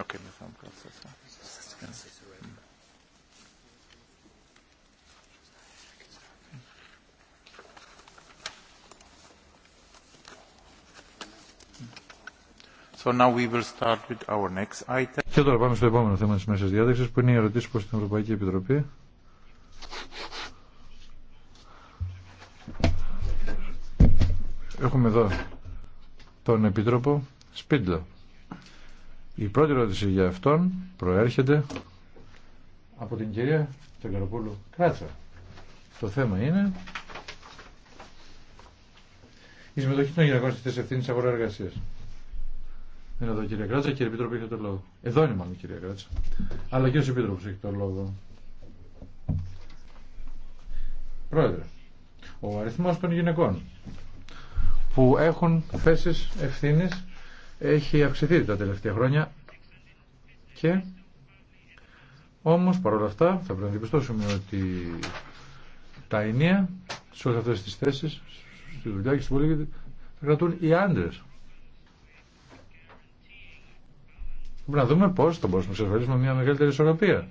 Okay, wir fahren kurz So now we will start with our next item. Και τώρα πάμε στο επόμενο θέμα της μέσης διάδεξης που είναι οι ερωτήσεις προς την Ευρωπαϊκή Επιτροπή. Έχουμε εδώ τον Επίτροπο Σπίτλο. Η πρώτη ερώτηση για αυτόν προέρχεται από την κυρία Τεγκαροπούλου Κράτσα. Το θέμα είναι η συμμετοχή των γυναικών στις ευθύνες αγορά εργασία. είναι εδώ κυρία Κράτσα, κύριε Επίτροπο έχετε το λόγο. Εδώ είναι μάλλον κυρία Κράτσα. Αλλά ο κύριο Επίτροπο έχει το λόγο. Πρόεδρε, ο αριθμός των γυναικών που έχουν θέσεις ευθύνης έχει αυξηθεί τα τελευταία χρόνια και όμως παρόλα αυτά θα πρέπει να διαπιστώσουμε ότι τα ενία σε όλες αυτές τις θέσεις στη δουλειά και στην πολιτική θα κρατούν οι άντρες. Πρέπει να δούμε πώς θα μπορούμε να εξασφαλίσουμε μια μεγαλύτερη ισορροπία.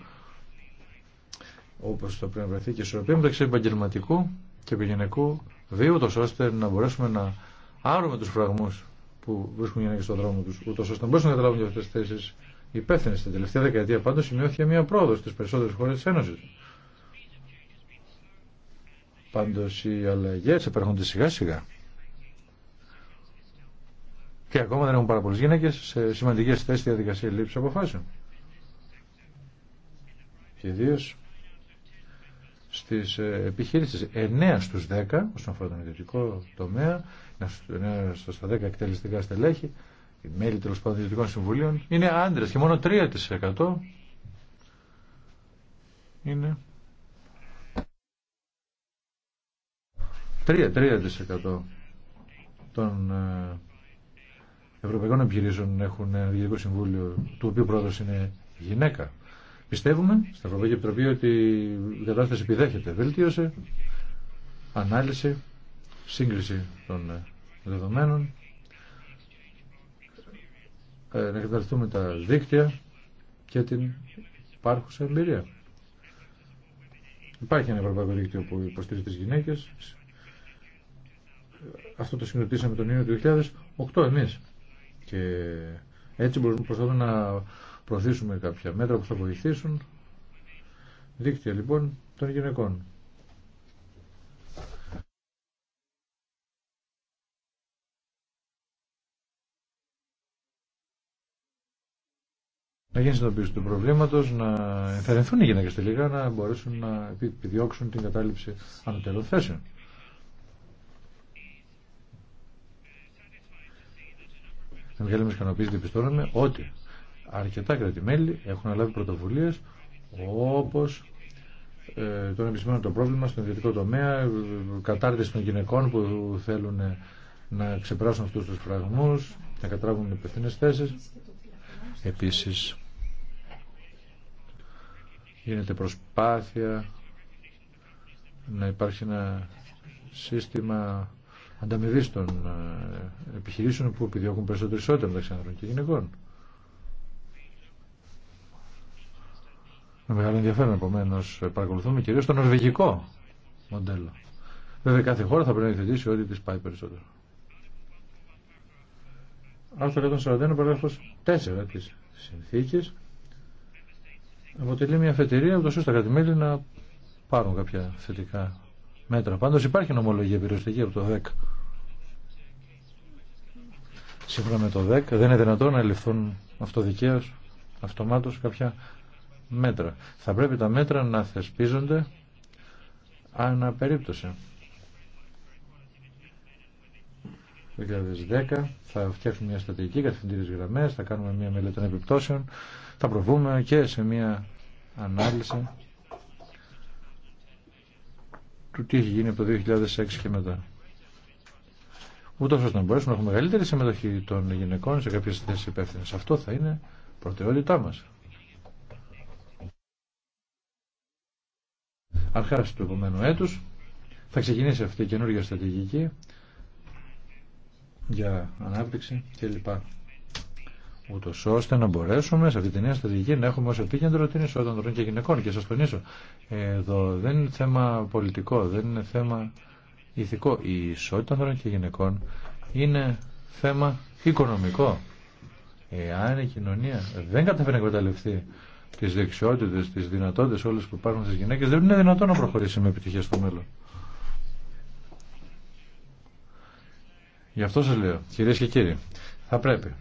Όπως θα πρέπει να βρεθεί και η ισορροπία μεταξύ επαγγελματικού και επιγενικού βίου, ώστε να μπορέσουμε να άρουμε τους φραγμούς που βρίσκουν γυναίκε στον δρόμο του, ούτω ώστε να μπορέσουν να καταλάβουν για αυτέ τι θέσει υπεύθυνε. Στην τελευταία δεκαετία πάντω σημειώθηκε μια πρόοδο στι περισσότερε χώρε τη Ένωση. Πάντω οι αλλαγέ επέρχονται σιγά σιγά. Και ακόμα δεν έχουν πάρα πολλέ γυναίκε σε σημαντικέ θέσει διαδικασία λήψη αποφάσεων. Και ιδίω στι ε, επιχειρήσεις. 9 στου 10 όσον αφορά τον ιδιωτικό τομέα, 9 στα 10 εκτελεστικά στελέχη, οι μέλη τέλο πάντων ιδιωτικών συμβουλίων είναι άντρε και μόνο 3% είναι. 3% των ε, ευρωπαϊκών επιχειρήσεων έχουν ένα διοικητικό συμβούλιο του οποίου πρόεδρος είναι γυναίκα. Πιστεύουμε στα Ευρωπαϊκή Επιτροπή ότι η κατάσταση επιδέχεται βελτίωσε, ανάλυση, σύγκριση των ε, δεδομένων, ε, να εκμεταλλευτούμε τα δίκτυα και την υπάρχουσα εμπειρία. Υπάρχει ένα ευρωπαϊκό δίκτυο που υποστηρίζει τις γυναίκες. Αυτό το συγκροτήσαμε τον Ιούνιο του 2008 εμείς. Και έτσι μπορούμε να προωθήσουμε κάποια μέτρα που θα βοηθήσουν δίκτυα λοιπόν των γυναικών. Να γίνει συνειδητοποίηση του προβλήματο, να ενθαρρυνθούν οι γυναίκε τελικά να μπορέσουν να επιδιώξουν την κατάληψη ανωτέρων θέσεων. Θα θέλουμε με ικανοποίηση διαπιστώνουμε ότι αρκετά κρατημέλη έχουν λάβει πρωτοβουλίες όπως ε, τον επισημένο το πρόβλημα στον ιδιωτικό τομέα, ε, κατάρτιση των γυναικών που θέλουν ε, να ξεπεράσουν αυτούς τους φραγμούς, να κατράβουν υπευθύνες θέσεις. Επίσης, γίνεται προσπάθεια να υπάρχει ένα σύστημα ανταμοιβής των ε, επιχειρήσεων που επιδιώκουν περισσότερο ισότητα μεταξύ άνδρων και γυναικών. Με μεγάλο ενδιαφέρον επομένω παρακολουθούμε κυρίω το νορβηγικό μοντέλο. Βέβαια κάθε χώρα θα πρέπει να υιοθετήσει ό,τι τη πάει περισσότερο. Άρθρο 141 παράγραφο 4 τη συνθήκη, αποτελεί μια αφετηρία ούτω ώστε τα κρατημέλη να πάρουν κάποια θετικά μέτρα. Πάντως υπάρχει νομολογία περιοριστική από το 10. Σύμφωνα με το 10 δεν είναι δυνατόν να ληφθούν αυτοδικαίω αυτομάτω κάποια μέτρα. Θα πρέπει τα μέτρα να θεσπίζονται αναπερίπτωση. 2010 θα φτιάξουμε μια στατική κατευθυντήριες γραμμές, θα κάνουμε μια μελέτη των επιπτώσεων, θα προβούμε και σε μια ανάλυση του τι έχει γίνει από το 2006 και μετά. Ούτω ώστε να μπορέσουμε να έχουμε μεγαλύτερη συμμετοχή των γυναικών σε κάποιε θέσει υπεύθυνε. Αυτό θα είναι προτεραιότητά μα. αρχάς του επομένου έτους θα ξεκινήσει αυτή η καινούργια στρατηγική για ανάπτυξη κλπ. Ούτω ώστε να μπορέσουμε σε αυτή τη νέα στρατηγική να έχουμε ω επίκεντρο την ισότητα ανδρών και γυναικών. Και σα τονίσω, εδώ δεν είναι θέμα πολιτικό, δεν είναι θέμα ηθικό. Η ισότητα ανδρών και γυναικών είναι θέμα οικονομικό. Εάν η κοινωνία δεν καταφέρει να εκμεταλλευτεί τι δεξιότητε, τις δυνατότητε όλε που υπάρχουν στι γυναίκες, δεν είναι δυνατόν να προχωρήσει με επιτυχία στο μέλλον. Γι' αυτό σας λέω, κυρίε και κύριοι, θα πρέπει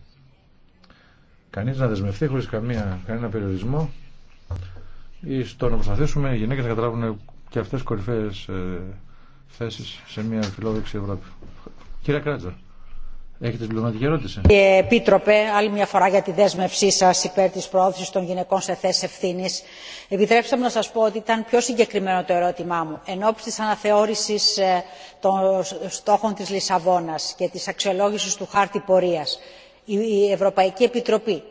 κανείς να δεσμευτεί χωρίς κανένα περιορισμό ή στο να προσπαθήσουμε οι γυναίκες να καταλάβουν και αυτές κορυφαίε ε, θέσεις σε μια φιλόδοξη Ευρώπη. Κύριε Κράτζα. Έχετε Κύριε Επίτροπε, άλλη μια φορά για τη δέσμευσή σα υπέρ τη προώθηση των γυναικών σε θέσει ευθύνη. Επιτρέψτε μου να σα πω ότι ήταν πιο συγκεκριμένο το ερώτημά μου. Εν ώψη τη αναθεώρηση ε, των στόχων τη Λισαβόνα και τη αξιολόγηση του χάρτη πορεία, η Ευρωπαϊκή Επιτροπή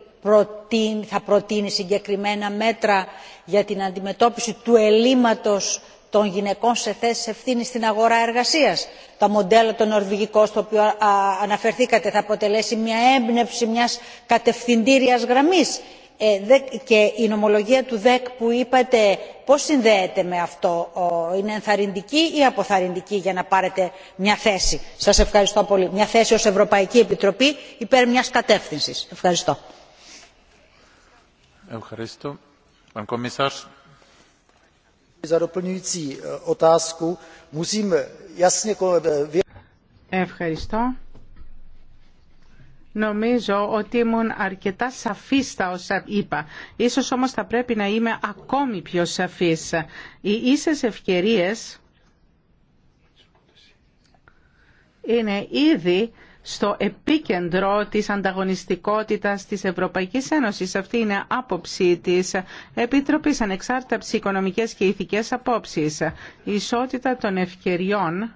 θα προτείνει συγκεκριμένα μέτρα για την αντιμετώπιση του ελλείμματο των γυναικών σε θέσει ευθύνη στην αγορά εργασίας. το μοντέλο το νορβηγικό στο οποίο αναφερθήκατε θα αποτελέσει μια έμπνευση μιας κατευθυντήριας γραμμής ε, και η νομολογία του δεκ που είπατε πώς συνδέεται με αυτό είναι ενθαρρυντική ή αποθαρρυντική για να πάρετε μια θέση. σας ευχαριστώ πολύ. μια θέση ως ευρωπαϊκή επιτροπή υπέρ μια κατεύθυνση. ευχαριστώ. ευχαριστώ. E, e, Ευχαριστώ. Νομίζω ότι ήμουν αρκετά σαφή στα όσα είπα. σω όμως θα πρέπει να είμαι ακόμη πιο σαφή. Οι ίσες ευκαιρίε είναι ήδη στο επίκεντρο της ανταγωνιστικότητας της Ευρωπαϊκής Ένωσης. Αυτή είναι άποψη της Επιτροπής Ανεξάρτητα Οικονομικές και Ηθικές Απόψεις. Η ισότητα των ευκαιριών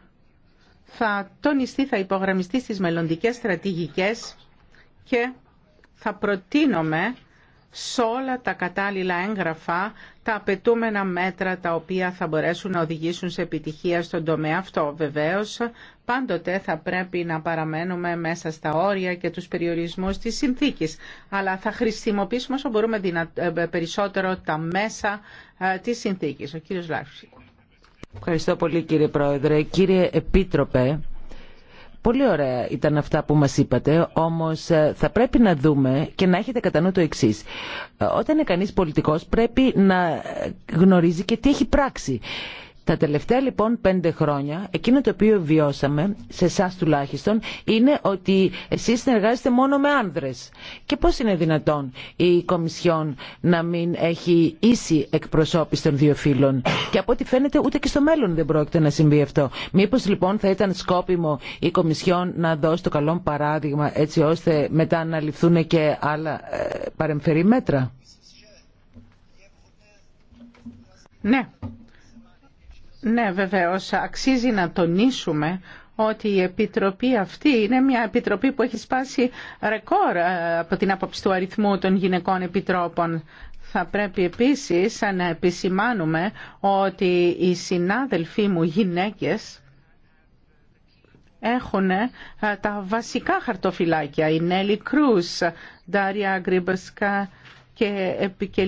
θα τονιστεί, θα υπογραμμιστεί στις μελλοντικές στρατηγικές και θα προτείνουμε σε όλα τα κατάλληλα έγγραφα τα απαιτούμενα μέτρα τα οποία θα μπορέσουν να οδηγήσουν σε επιτυχία στον τομέα αυτό. Βεβαίως, πάντοτε θα πρέπει να παραμένουμε μέσα στα όρια και τους περιορισμούς της συνθήκης, αλλά θα χρησιμοποιήσουμε όσο μπορούμε ε, περισσότερο τα μέσα ε, της συνθήκης. Ο κύριος Λάρξη. Ευχαριστώ πολύ κύριε Πρόεδρε. Κύριε Επίτροπε, Πολύ ωραία ήταν αυτά που μας είπατε, όμως ε, θα πρέπει να δούμε και να έχετε κατά το εξής. Ε, όταν είναι κανείς πολιτικός πρέπει να γνωρίζει και τι έχει πράξει. Τα τελευταία λοιπόν πέντε χρόνια, εκείνο το οποίο βιώσαμε, σε εσά τουλάχιστον, είναι ότι εσείς συνεργάζεστε μόνο με άνδρες. Και πώς είναι δυνατόν η Κομισιόν να μην έχει ίση εκπροσώπηση των δύο φύλων. Και από ό,τι φαίνεται ούτε και στο μέλλον δεν πρόκειται να συμβεί αυτό. Μήπως λοιπόν θα ήταν σκόπιμο η Κομισιόν να δώσει το καλό παράδειγμα έτσι ώστε μετά να ληφθούν και άλλα ε, παρεμφερή μέτρα. Ναι, ναι, βεβαίως. Αξίζει να τονίσουμε ότι η Επιτροπή αυτή είναι μια Επιτροπή που έχει σπάσει ρεκόρ ε, από την άποψη του αριθμού των γυναικών επιτρόπων. Θα πρέπει επίσης να επισημάνουμε ότι οι συνάδελφοί μου γυναίκες έχουν ε, τα βασικά χαρτοφυλάκια. Η Νέλη Κρούς, Ντάρια Γκριμπεσκα και, και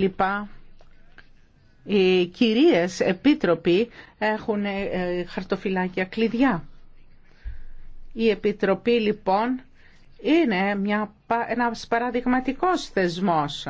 οι κυρίες επίτροποι έχουν ε, χαρτοφυλάκια κλειδιά. Η Επιτροπή λοιπόν είναι μια, ένας παραδειγματικός θεσμός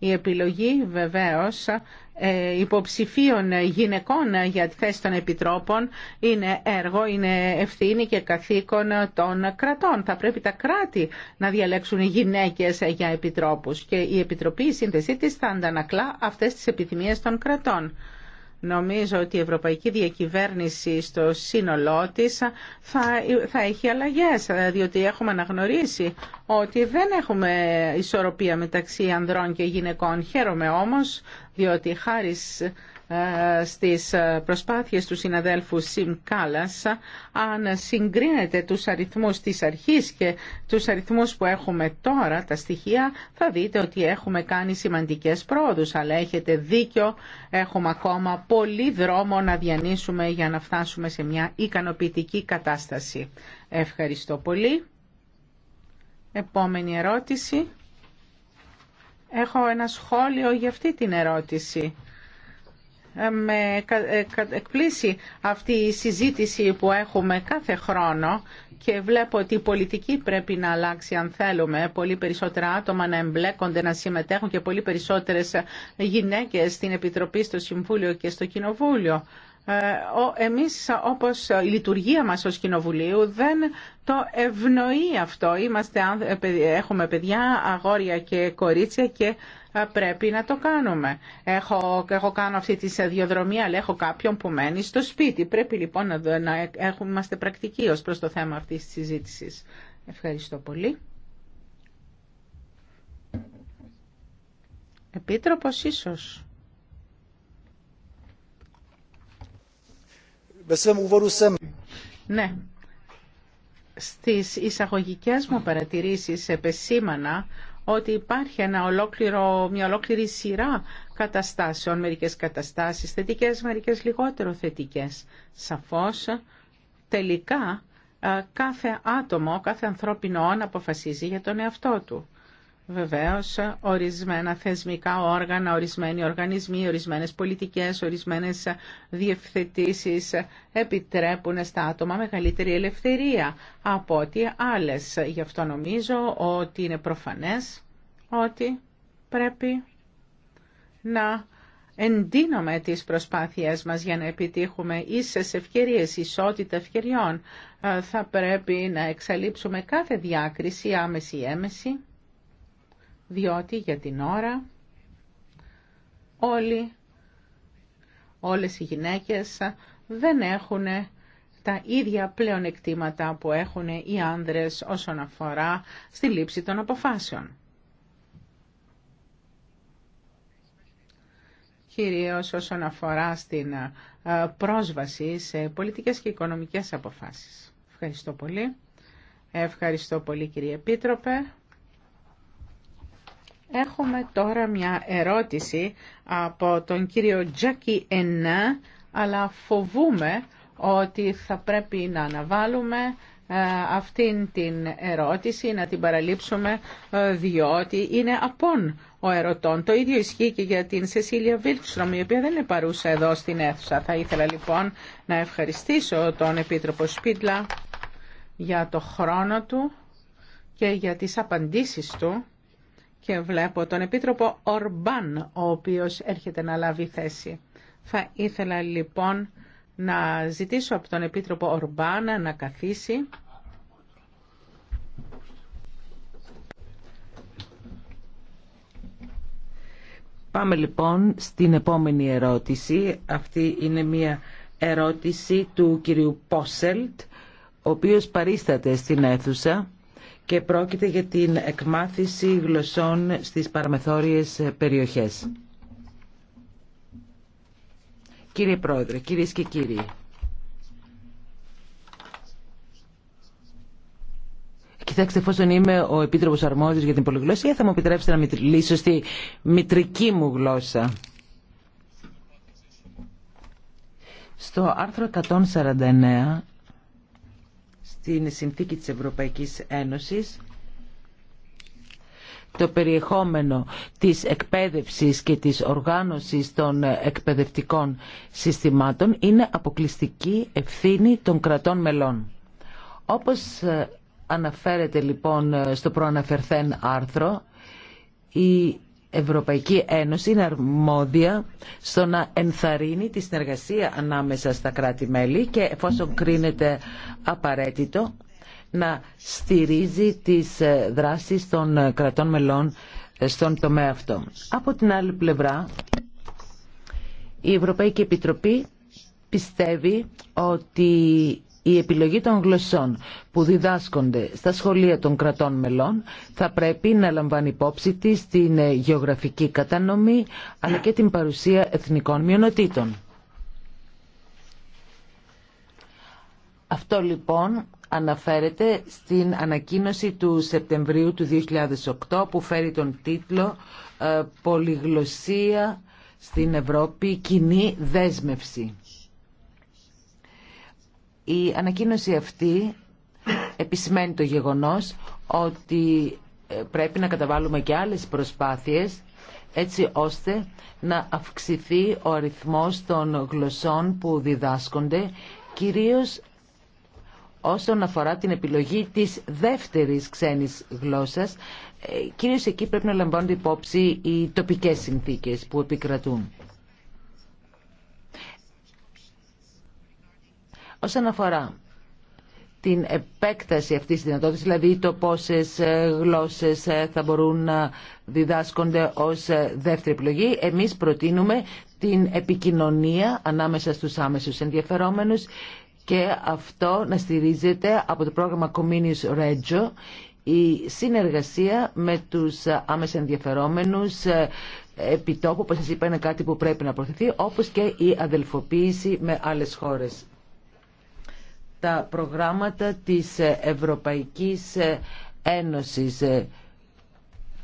η επιλογή βεβαίως ε, υποψηφίων γυναικών για τη θέση των επιτρόπων είναι έργο, είναι ευθύνη και καθήκον των κρατών. Θα πρέπει τα κράτη να διαλέξουν γυναίκες για επιτρόπους και η Επιτροπή η σύνθεσή της θα αντανακλά αυτές τις επιθυμίες των κρατών. Νομίζω ότι η ευρωπαϊκή διακυβέρνηση στο σύνολό της θα, θα έχει αλλαγές, διότι έχουμε αναγνωρίσει ότι δεν έχουμε ισορροπία μεταξύ ανδρών και γυναικών. Χαίρομαι όμως, διότι χάρη ε, στις ε, προσπάθειες του συναδέλφου Σιμ Κάλλας αν συγκρίνετε τους αριθμούς της αρχής και τους αριθμούς που έχουμε τώρα τα στοιχεία θα δείτε ότι έχουμε κάνει σημαντικές πρόοδους αλλά έχετε δίκιο έχουμε ακόμα πολύ δρόμο να διανύσουμε για να φτάσουμε σε μια ικανοποιητική κατάσταση. Ευχαριστώ πολύ. Επόμενη ερώτηση. Έχω ένα σχόλιο για αυτή την ερώτηση με ε, εκπλήσει αυτή η συζήτηση που έχουμε κάθε χρόνο και βλέπω ότι η πολιτική πρέπει να αλλάξει αν θέλουμε πολύ περισσότερα άτομα να εμπλέκονται, να συμμετέχουν και πολύ περισσότερες γυναίκες στην Επιτροπή, στο Συμβούλιο και στο Κοινοβούλιο. Ε, εμείς όπως η λειτουργία μας ως Κοινοβουλίου δεν το ευνοεί αυτό. Είμαστε, ε, έχουμε παιδιά, αγόρια και κορίτσια και πρέπει να το κάνουμε. Έχω, έχω κάνω αυτή τη διαδρομή, αλλά έχω κάποιον που μένει στο σπίτι. Πρέπει λοιπόν να, έχουμε, είμαστε πρακτικοί ως προς το θέμα αυτής της συζήτησης. Ευχαριστώ πολύ. Επίτροπος ίσως. Ναι. Στις εισαγωγικές μου παρατηρήσεις επεσήμανα ότι υπάρχει ένα ολόκληρο, μια ολόκληρη σειρά καταστάσεων, μερικές καταστάσεις θετικές, μερικές λιγότερο θετικές. Σαφώς, τελικά, κάθε άτομο, κάθε ανθρώπινο όν αποφασίζει για τον εαυτό του. Βεβαίω, ορισμένα θεσμικά όργανα, ορισμένοι οργανισμοί, ορισμένες πολιτικέ, ορισμένε διευθετήσει επιτρέπουν στα άτομα μεγαλύτερη ελευθερία από ό,τι άλλε. Γι' αυτό νομίζω ότι είναι προφανές ότι πρέπει να εντείνουμε τις προσπάθειές μας για να επιτύχουμε ίσες ευκαιρίες, ισότητα ευκαιριών. Ε, θα πρέπει να εξαλείψουμε κάθε διάκριση, άμεση έμεση διότι για την ώρα όλοι, όλες οι γυναίκες δεν έχουν τα ίδια πλεονεκτήματα που έχουν οι άνδρες όσον αφορά στη λήψη των αποφάσεων. Κυρίως όσον αφορά στην ε, πρόσβαση σε πολιτικές και οικονομικές αποφάσεις. Ευχαριστώ πολύ. Ευχαριστώ πολύ κύριε Επίτροπε. Έχουμε τώρα μια ερώτηση από τον κύριο Τζάκι Ενά, αλλά φοβούμε ότι θα πρέπει να αναβάλουμε ε, αυτήν την ερώτηση, να την παραλείψουμε, ε, διότι είναι απόν ο ερωτών. Το ίδιο ισχύει και για την Σεσίλια Βίλτστρομ, η οποία δεν είναι παρούσα εδώ στην αίθουσα. Θα ήθελα λοιπόν να ευχαριστήσω τον Επίτροπο Σπίτλα για το χρόνο του και για τις απαντήσεις του και βλέπω τον Επίτροπο Ορμπάν, ο οποίος έρχεται να λάβει θέση. Θα ήθελα λοιπόν να ζητήσω από τον Επίτροπο Ορμπάν να καθίσει. Πάμε λοιπόν στην επόμενη ερώτηση. Αυτή είναι μια ερώτηση του κυρίου Πόσελτ, ο οποίος παρίσταται στην αίθουσα και πρόκειται για την εκμάθηση γλωσσών στις παραμεθόριες περιοχές. Κύριε Πρόεδρε, κυρίες και κύριοι, Κοιτάξτε, εφόσον είμαι ο Επίτροπος Αρμόδιο για την πολυγλωσσία, θα μου επιτρέψετε να μιλήσω στη μητρική μου γλώσσα. Στο άρθρο 149 στην συνθήκη της Ευρωπαϊκής Ένωσης το περιεχόμενο της εκπαίδευσης και της οργάνωσης των εκπαιδευτικών συστημάτων είναι αποκλειστική ευθύνη των κρατών μελών. Όπως ε, αναφέρεται λοιπόν ε, στο προαναφερθέν άρθρο, η Ευρωπαϊκή Ένωση είναι αρμόδια στο να ενθαρρύνει τη συνεργασία ανάμεσα στα κράτη-μέλη και εφόσον κρίνεται απαραίτητο να στηρίζει τις ε, δράσεις των ε, κρατών μελών ε, στον τομέα αυτό. Από την άλλη πλευρά, η Ευρωπαϊκή Επιτροπή πιστεύει ότι η επιλογή των γλωσσών που διδάσκονται στα σχολεία των κρατών μελών θα πρέπει να λαμβάνει υπόψη τη την ε, γεωγραφική κατανομή αλλά και την παρουσία εθνικών μειονοτήτων. Αυτό λοιπόν αναφέρεται στην ανακοίνωση του Σεπτεμβρίου του 2008 που φέρει τον τίτλο ε, «Πολυγλωσσία στην Ευρώπη. Κοινή δέσμευση». Η ανακοίνωση αυτή επισημαίνει το γεγονός ότι ε, πρέπει να καταβάλουμε και άλλες προσπάθειες έτσι ώστε να αυξηθεί ο αριθμός των γλωσσών που διδάσκονται κυρίως όσον αφορά την επιλογή της δεύτερης ξένης γλώσσας ε, κυρίως εκεί πρέπει να λαμβάνονται υπόψη οι τοπικές συνθήκες που επικρατούν. Όσον αφορά την επέκταση αυτή τη δυνατότητα, δηλαδή το πόσε γλώσσε ε, θα μπορούν να διδάσκονται ως ε, δεύτερη επιλογή, εμείς προτείνουμε την επικοινωνία ανάμεσα στους άμεσους ενδιαφερόμενους και αυτό να στηρίζεται από το πρόγραμμα Comenius Regio, η συνεργασία με τους άμεσα ενδιαφερόμενους ε, επιτόπου, όπως σας είπα, είναι κάτι που πρέπει να προωθηθεί, όπως και η αδελφοποίηση με άλλες χώρες τα προγράμματα της Ευρωπαϊκής Ένωσης.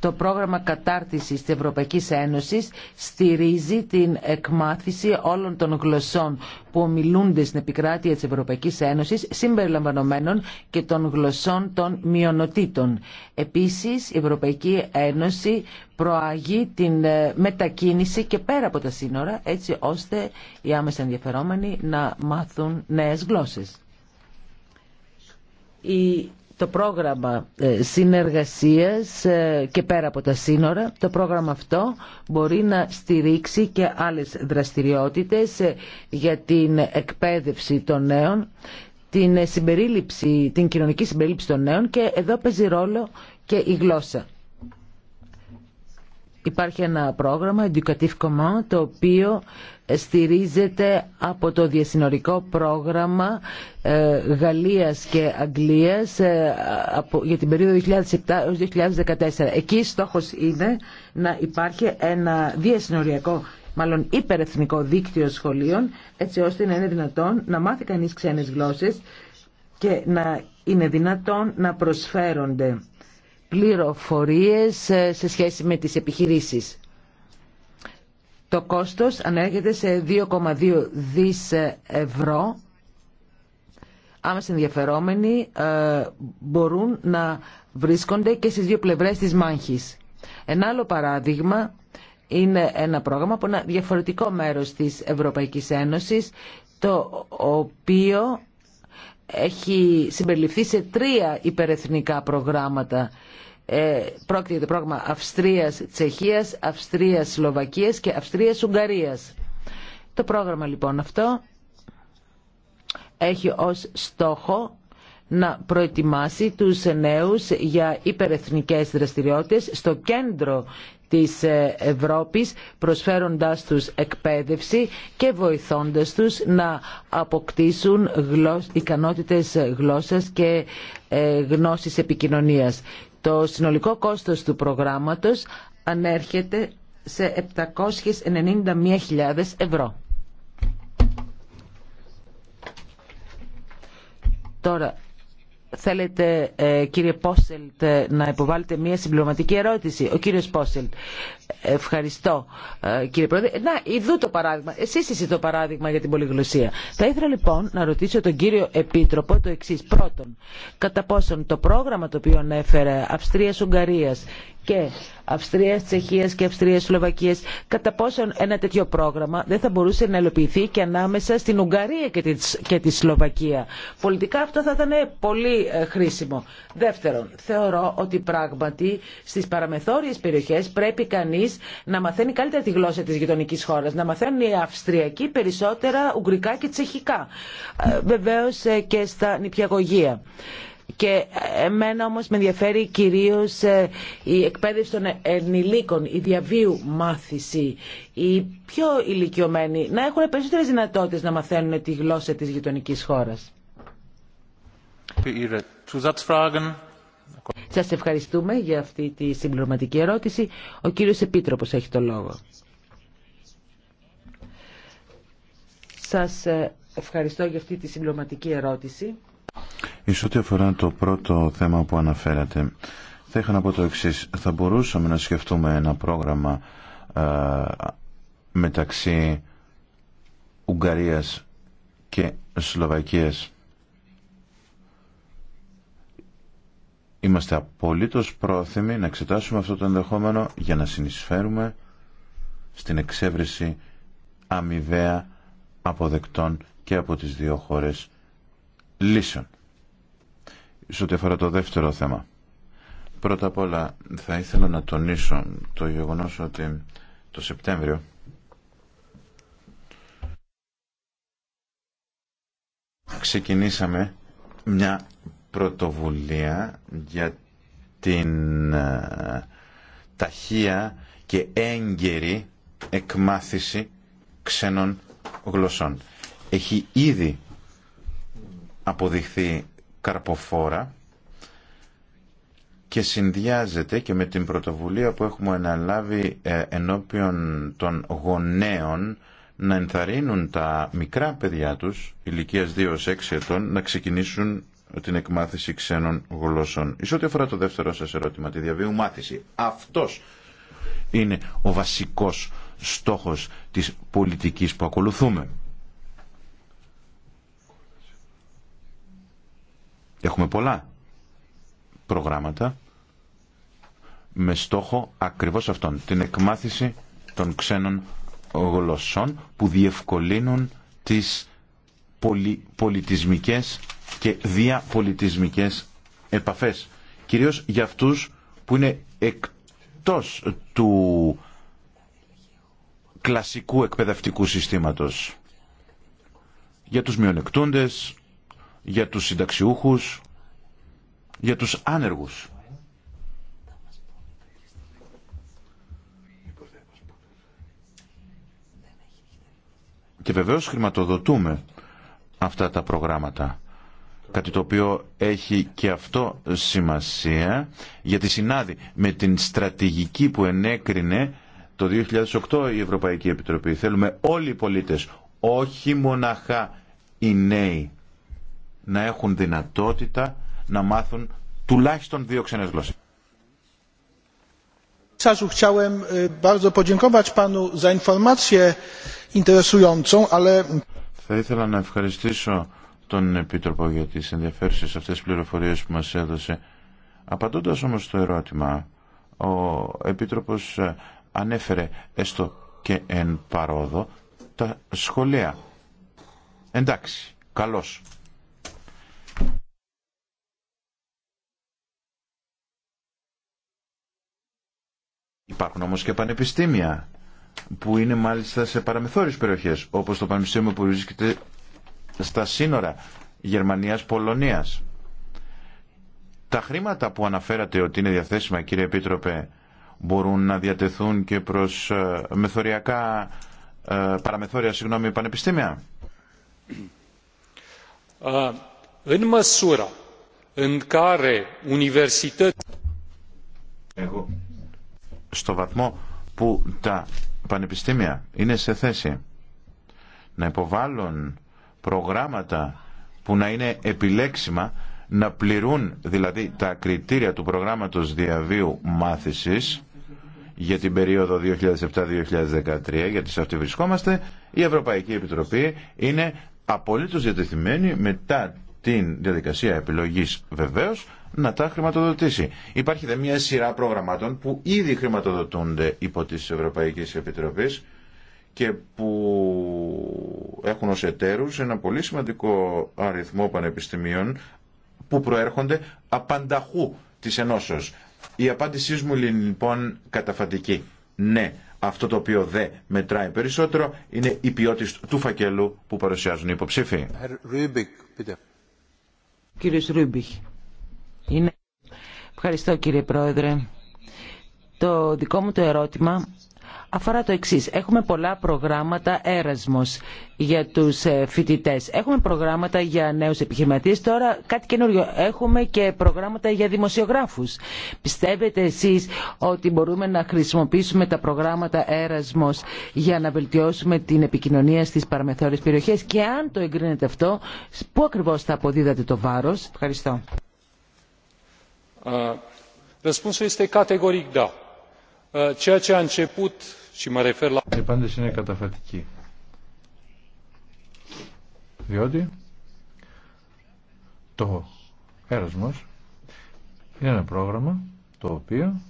Το πρόγραμμα κατάρτισης της Ευρωπαϊκής Ένωσης στηρίζει την εκμάθηση όλων των γλωσσών που ομιλούνται στην επικράτεια της Ευρωπαϊκής Ένωσης, συμπεριλαμβανομένων και των γλωσσών των μειονοτήτων. Επίσης, η Ευρωπαϊκή Ένωση προάγει την ε, μετακίνηση και πέρα από τα σύνορα, έτσι ώστε οι άμεσα ενδιαφερόμενοι να μάθουν νέες γλώσσες η το πρόγραμμα ε, συνεργασίας ε, και πέρα από τα σύνορα, το πρόγραμμα αυτό μπορεί να στηρίξει και άλλες δραστηριότητες ε, για την εκπαίδευση των νέων, την, την κοινωνική συμπερίληψη των νέων και εδώ παίζει ρόλο και η γλώσσα. Υπάρχει ένα πρόγραμμα, Educative Command, το οποίο στηρίζεται από το διασυνορικό πρόγραμμα ε, Γαλλίας και Αγγλίας ε, για την περίοδο 2007-2014. Εκεί στόχος είναι να υπάρχει ένα διασυνοριακό μάλλον υπερεθνικό δίκτυο σχολείων, έτσι ώστε να είναι δυνατόν να μάθει κανείς ξένες γλώσσες και να είναι δυνατόν να προσφέρονται πληροφορίες ε, σε σχέση με τις επιχειρήσεις. Το κόστος ανέρχεται σε 2,2 δις ε, ευρώ. Άμεσα ενδιαφερόμενοι ε, μπορούν να βρίσκονται και στις δύο πλευρές της μάχης. Ένα άλλο παράδειγμα είναι ένα πρόγραμμα από ένα διαφορετικό μέρος της Ευρωπαϊκής Ένωσης, το οποίο έχει συμπεριληφθεί σε τρία υπερεθνικά προγράμματα ε, πρόκειται το πρόγραμμα Αυστρίας-Τσεχίας, Αυστρίας-Σλοβακίας και Αυστρίας-Ουγγαρίας. Το πρόγραμμα λοιπόν αυτό έχει ως στόχο να προετοιμάσει τους νέους για υπερεθνικές δραστηριότητες στο κέντρο της ε, Ευρώπης προσφέροντάς τους εκπαίδευση και βοηθώντας τους να αποκτήσουν γλώσ... ικανότητες γλώσσας και ε, γνώσεις επικοινωνίας. Το συνολικό κόστος του προγράμματος ανέρχεται σε 791.000 ευρώ. Τώρα, θέλετε ε, κύριε Πόσελτ να υποβάλλετε μία συμπληρωματική ερώτηση. Ο κύριος Πόσελτ, Ευχαριστώ ε, κύριε Πρόεδρε. Να, ειδού το παράδειγμα. Εσεί είστε το παράδειγμα για την πολυγλωσία. Θα ήθελα λοιπόν να ρωτήσω τον κύριο Επίτροπο το εξή. Πρώτον, κατά πόσον το πρόγραμμα το οποίο ανέφερε Αυστρία-Ουγγαρία και Αυστρία, Τσεχία και Αυστρία, Σλοβακία, κατά πόσον ένα τέτοιο πρόγραμμα δεν θα μπορούσε να ελοπιθεί και ανάμεσα στην Ουγγαρία και τη, και Σλοβακία. Πολιτικά αυτό θα ήταν πολύ ε, χρήσιμο. Δεύτερον, θεωρώ ότι πράγματι στι παραμεθόριε περιοχέ πρέπει κανεί να μαθαίνει καλύτερα τη γλώσσα τη γειτονική χώρα, να μαθαίνουν οι Αυστριακοί περισσότερα Ουγγρικά και Τσεχικά. Ε, Βεβαίω ε, και στα νηπιαγωγεία και εμένα όμως με ενδιαφέρει κυρίως ε, η εκπαίδευση των ενηλίκων, η διαβίου μάθηση, οι πιο ηλικιωμένοι να έχουν περισσότερες δυνατότητες να μαθαίνουν τη γλώσσα της γειτονικής χώρας. Σας ευχαριστούμε για αυτή τη συμπληρωματική ερώτηση. Ο κύριος Επίτροπος έχει το λόγο. Σας ε, ευχαριστώ για αυτή τη συμπληρωματική ερώτηση. Εις ό,τι αφορά το πρώτο θέμα που αναφέρατε, θα είχα να πω το εξή. Θα μπορούσαμε να σκεφτούμε ένα πρόγραμμα ε, μεταξύ Ουγγαρίας και Σλοβακίας. Είμαστε απολύτως πρόθυμοι να εξετάσουμε αυτό το ενδεχόμενο για να συνεισφέρουμε στην εξέβρεση αμοιβαία αποδεκτών και από τις δύο χώρες λύσεων. Σε ό,τι αφορά το δεύτερο θέμα. Πρώτα απ' όλα θα ήθελα να τονίσω το γεγονός ότι το Σεπτέμβριο ξεκινήσαμε μια πρωτοβουλία για την ε, ταχεία και έγκαιρη εκμάθηση ξένων γλωσσών. Έχει ήδη αποδειχθεί καρποφόρα και συνδυάζεται και με την πρωτοβουλία που έχουμε αναλάβει ε, ενώπιον των γονέων να ενθαρρύνουν τα μικρά παιδιά τους ηλικίας 2-6 ετών να ξεκινήσουν την εκμάθηση ξένων γλώσσων. Εις ό,τι αφορά το δεύτερο σας ερώτημα, τη διαβίου μάθηση. Αυτός είναι ο βασικός στόχος της πολιτικής που ακολουθούμε. Έχουμε πολλά προγράμματα με στόχο ακριβώς αυτόν, την εκμάθηση των ξένων γλωσσών που διευκολύνουν τις πολιτισμικές και διαπολιτισμικές επαφές. Κυρίως για αυτούς που είναι εκτός του κλασικού εκπαιδευτικού συστήματος. Για τους μειονεκτούντες, για τους συνταξιούχους, για τους άνεργους. Και βεβαίως χρηματοδοτούμε αυτά τα προγράμματα. Κάτι το οποίο έχει και αυτό σημασία γιατί συνάδει με την στρατηγική που ενέκρινε το 2008 η Ευρωπαϊκή Επιτροπή. Θέλουμε όλοι οι πολίτες, όχι μοναχά οι νέοι να έχουν δυνατότητα να μάθουν τουλάχιστον δύο ξένες γλώσσες. E, Θα ήθελα να ευχαριστήσω τον Επίτροπο για τις ενδιαφέρουσες αυτές τις πληροφορίες που μας έδωσε. Απαντώντας όμως στο ερώτημα, ο Επίτροπος ε, ανέφερε έστω και εν παρόδο τα σχολεία. Εντάξει, καλώς. Υπάρχουν όμως και πανεπιστήμια που είναι μάλιστα σε παραμεθόριες περιοχές όπως το Πανεπιστήμιο που βρίσκεται στα σύνορα Γερμανίας-Πολωνίας. Τα χρήματα που αναφέρατε ότι είναι διαθέσιμα κύριε Επίτροπε μπορούν να διατεθούν και προς ε, μεθοριακά, ε, παραμεθόρια συγγνώμη, πανεπιστήμια. Εγώ στο βαθμό που τα πανεπιστήμια είναι σε θέση να υποβάλλουν προγράμματα που να είναι επιλέξιμα, να πληρούν δηλαδή τα κριτήρια του προγράμματος διαβίου μάθησης για την περίοδο 2007-2013, γιατί σε αυτή βρισκόμαστε, η Ευρωπαϊκή Επιτροπή είναι απολύτως διατεθειμένη μετά την διαδικασία επιλογής βεβαίως να τα χρηματοδοτήσει. Υπάρχει δε μια σειρά προγραμμάτων που ήδη χρηματοδοτούνται υπό τη Ευρωπαϊκή Επιτροπή και που έχουν ως εταίρους ένα πολύ σημαντικό αριθμό πανεπιστημίων που προέρχονται απανταχού της ενώσεως. Η απάντησή μου λοιπόν καταφατική. Ναι, αυτό το οποίο δεν μετράει περισσότερο είναι η ποιότητα του φακελού που παρουσιάζουν οι υποψήφοι. Κύριε Ρούμπιχ, είναι... Ευχαριστώ κύριε Πρόεδρε. Το δικό μου το ερώτημα αφορά το εξή. Έχουμε πολλά προγράμματα έρασμος για του ε, φοιτητέ. Έχουμε προγράμματα για νέου επιχειρηματίε. Τώρα κάτι καινούριο. Έχουμε και προγράμματα για δημοσιογράφου. Πιστεύετε εσεί ότι μπορούμε να χρησιμοποιήσουμε τα προγράμματα έρασμος για να βελτιώσουμε την επικοινωνία στι παραμεθόρες περιοχέ και αν το εγκρίνετε αυτό, πού ακριβώ θα αποδίδατε το βάρο. Ευχαριστώ. Uh, răspunsul Η απάντηση είναι καταφατική. Διότι το έρασμος είναι ένα πρόγραμμα το οποίο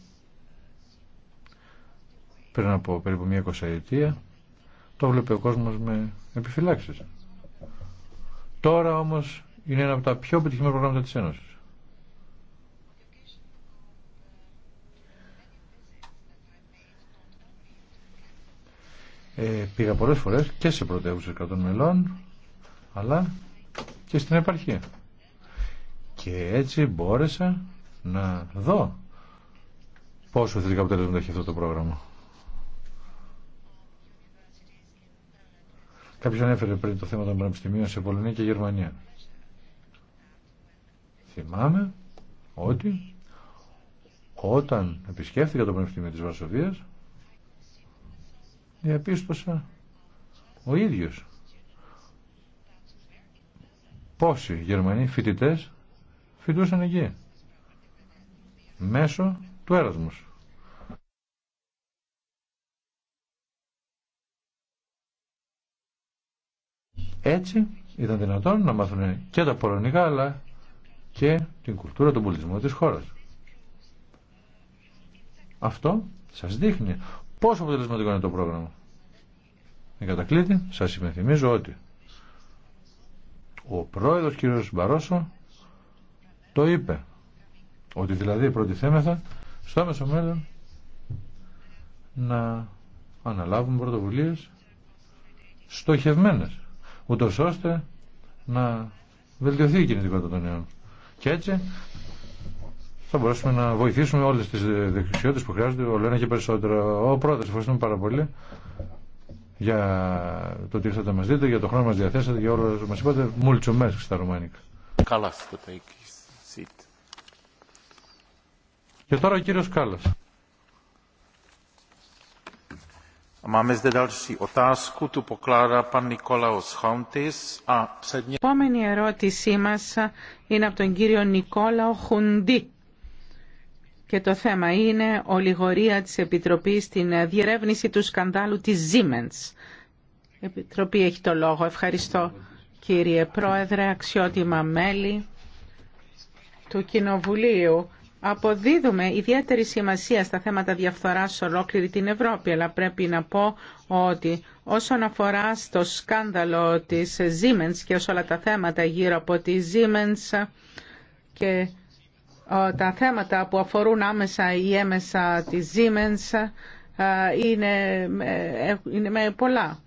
πριν από περίπου μία εικοσαετία το βλέπει ο κόσμος με επιφυλάξεις. Τώρα όμως είναι ένα από τα πιο επιτυχημένα προγράμματα της Ένωσης. Ε, πήγα πολλές φορές και σε πρωτεύουσα κρατών μελών, αλλά και στην επαρχία. Και έτσι μπόρεσα να δω πόσο θετικά αποτελέσματα έχει αυτό το πρόγραμμα. Κάποιος ανέφερε πριν το θέμα των πανεπιστημίων σε Πολωνία και Γερμανία. Θυμάμαι ότι όταν επισκέφθηκα το Πανεπιστήμιο της Βαρσοβίας διαπίστωσα ο ίδιος πόσοι Γερμανοί φοιτητέ φοιτούσαν εκεί μέσω του έρασμους. Έτσι ήταν δυνατόν να μάθουν και τα πολωνικά αλλά και την κουλτούρα, τον πολιτισμού της χώρας. Αυτό σας δείχνει Πόσο αποτελεσματικό είναι το πρόγραμμα. Με κατακλείτη, σας υπενθυμίζω ότι ο πρόεδρος κ. Μπαρόσο το είπε ότι δηλαδή πρώτη θέμεθα στο άμεσο μέλλον να αναλάβουμε πρωτοβουλίε στοχευμένες ούτως ώστε να βελτιωθεί η κινητικότητα των νέων και έτσι θα μπορέσουμε να βοηθήσουμε όλες τις δεξιότητες που χρειάζονται, όλο ένα και περισσότερο. Ο πρώτος, ευχαριστούμε πάρα πολύ για το τι ήρθατε να μας δείτε, για το χρόνο μας διαθέσατε, για όλα μας είπατε. μέσα στα Ρουμάνικα. Καλά Και τώρα ο κύριος Κάλλας. Η επόμενη ερώτησή μας είναι από τον κύριο Νικόλαο Χουντή και το θέμα είναι ολιγορία της Επιτροπής στην ε, διερεύνηση του σκανδάλου της Siemens. Η Επιτροπή έχει το λόγο. Ευχαριστώ κύριε Πρόεδρε, αξιότιμα μέλη του Κοινοβουλίου. Αποδίδουμε ιδιαίτερη σημασία στα θέματα διαφθοράς σε ολόκληρη την Ευρώπη, αλλά πρέπει να πω ότι όσον αφορά στο σκάνδαλο της Siemens και όλα τα θέματα γύρω από τη Siemens και ε, τα θέματα που αφορούν άμεσα ή έμεσα τη Siemens ε, είναι, ε, είναι με πολλά.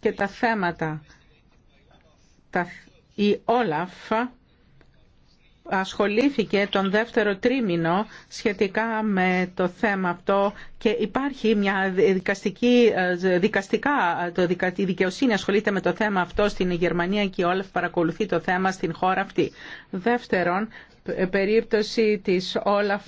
Και τα θέματα, τα, η Όλαφ ασχολήθηκε τον δεύτερο τρίμηνο σχετικά με το θέμα αυτό και υπάρχει μια δικαστική, ε, δικαστικά, ε, το δικα, δικαιοσύνη ασχολείται με το θέμα αυτό στην Γερμανία και η Όλαφ παρακολουθεί το θέμα στην χώρα αυτή. Δεύτερον, ε, περίπτωση της Όλαφ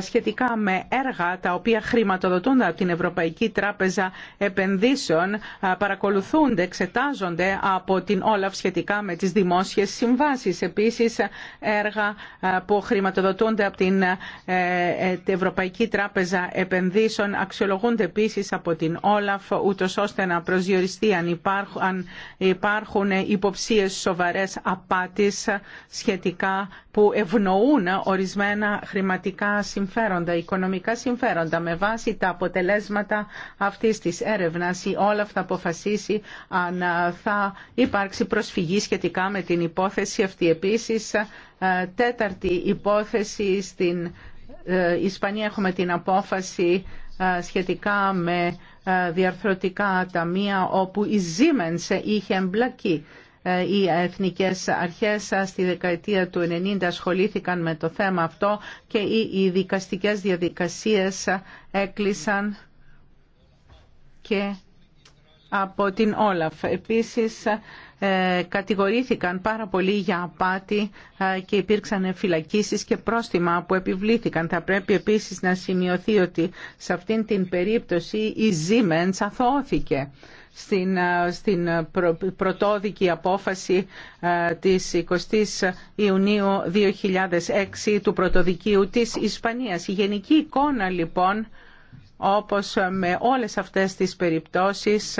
σχετικά με έργα τα οποία χρηματοδοτούνται από την Ευρωπαϊκή Τράπεζα Επενδύσεων παρακολουθούνται, εξετάζονται από την Όλαφ σχετικά με τις δημόσιες συμβάσεις. Επίσης, ε, που χρηματοδοτούνται από ε, ε, την Ευρωπαϊκή Τράπεζα Επενδύσεων αξιολογούνται επίση από την Όλαφ ούτω ώστε να προσδιοριστεί αν υπάρχουν, υποψίε σοβαρέ υποψίες σοβαρές απάτης σχετικά που ευνοούν ορισμένα χρηματικά συμφέροντα, οικονομικά συμφέροντα. Με βάση τα αποτελέσματα αυτής της έρευνα, η Όλαφ θα αποφασίσει αν θα υπάρξει προσφυγή σχετικά με την υπόθεση αυτή. Επίσης ε, τέταρτη υπόθεση στην ε, Ισπανία έχουμε την απόφαση ε, σχετικά με διαρθρωτικά ταμεία όπου η Siemens είχε εμπλακεί. Οι εθνικές αρχές στη δεκαετία του 90 ασχολήθηκαν με το θέμα αυτό και οι δικαστικές διαδικασίες έκλεισαν και από την Όλαφ. Επίσης ε, κατηγορήθηκαν πάρα πολύ για απάτη ε, και υπήρξαν φυλακίσεις και πρόστιμα που επιβλήθηκαν. Θα πρέπει επίσης να σημειωθεί ότι σε αυτήν την περίπτωση η Siemens αθώθηκε στην, ε, στην πρωτόδικη απόφαση της 20 Ιουνίου 2006 του πρωτοδικίου της Ισπανίας. Η γενική εικόνα λοιπόν όπως με όλες αυτές τις περιπτώσεις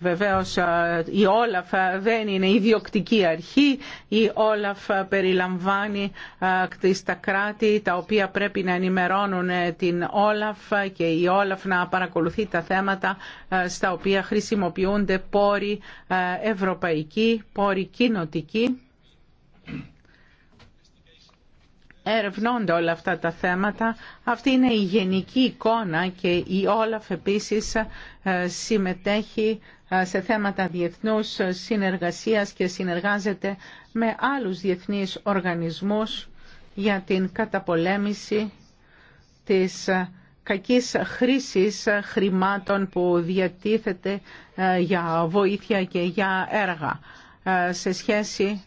Βεβαίως ε, η Όλαφ ε, δεν είναι ιδιοκτική αρχή. Η Όλαφ ε, περιλαμβάνει τα κράτη τα οποία πρέπει να ενημερώνουν την Όλαφ και η Όλαφ να παρακολουθεί τα θέματα στα οποία χρησιμοποιούνται πόροι ευρωπαϊκοί, πόροι κοινοτικοί. Ερευνώνται όλα αυτά τα θέματα. Αυτή είναι η γενική εικόνα και η Όλαφ επίσης συμμετέχει ε, σε θέματα διεθνούς συνεργασίας και συνεργάζεται με άλλους διεθνείς οργανισμούς για την καταπολέμηση της ε, κακής χρήσης χρημάτων που διατίθεται ε, για βοήθεια και για έργα σε σχέση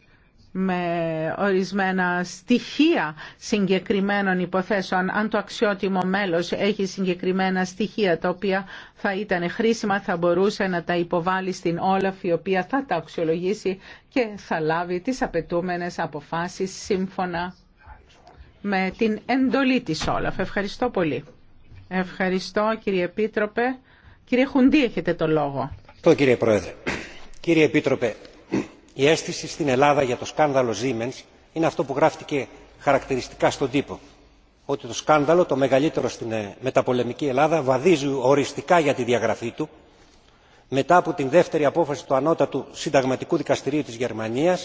με ορισμένα στοιχεία συγκεκριμένων υποθέσεων. Αν το αξιότιμο μέλος έχει συγκεκριμένα στοιχεία τα οποία θα ήταν χρήσιμα, θα μπορούσε να τα υποβάλει στην Όλαφ η οποία θα τα αξιολογήσει και θα λάβει τις απαιτούμενες αποφάσεις σύμφωνα με την εντολή της Όλαφ. Ευχαριστώ πολύ. Ευχαριστώ κύριε Επίτροπε. Κύριε Χουντή έχετε το λόγο. Ευχαριστώ κύριε Πρόεδρε. Κύριε Επίτροπε, η αίσθηση στην ελλάδα για το σκάνδαλο siemens είναι αυτό που γράφτηκε χαρακτηριστικά στον τύπο. ότι το σκάνδαλο το μεγαλύτερο στην ε, μεταπολεμική ελλάδα βαδίζει οριστικά για τη διαγραφή του μετά από την δεύτερη απόφαση του ανώτατου συνταγματικού δικαστηρίου τη Γερμανία,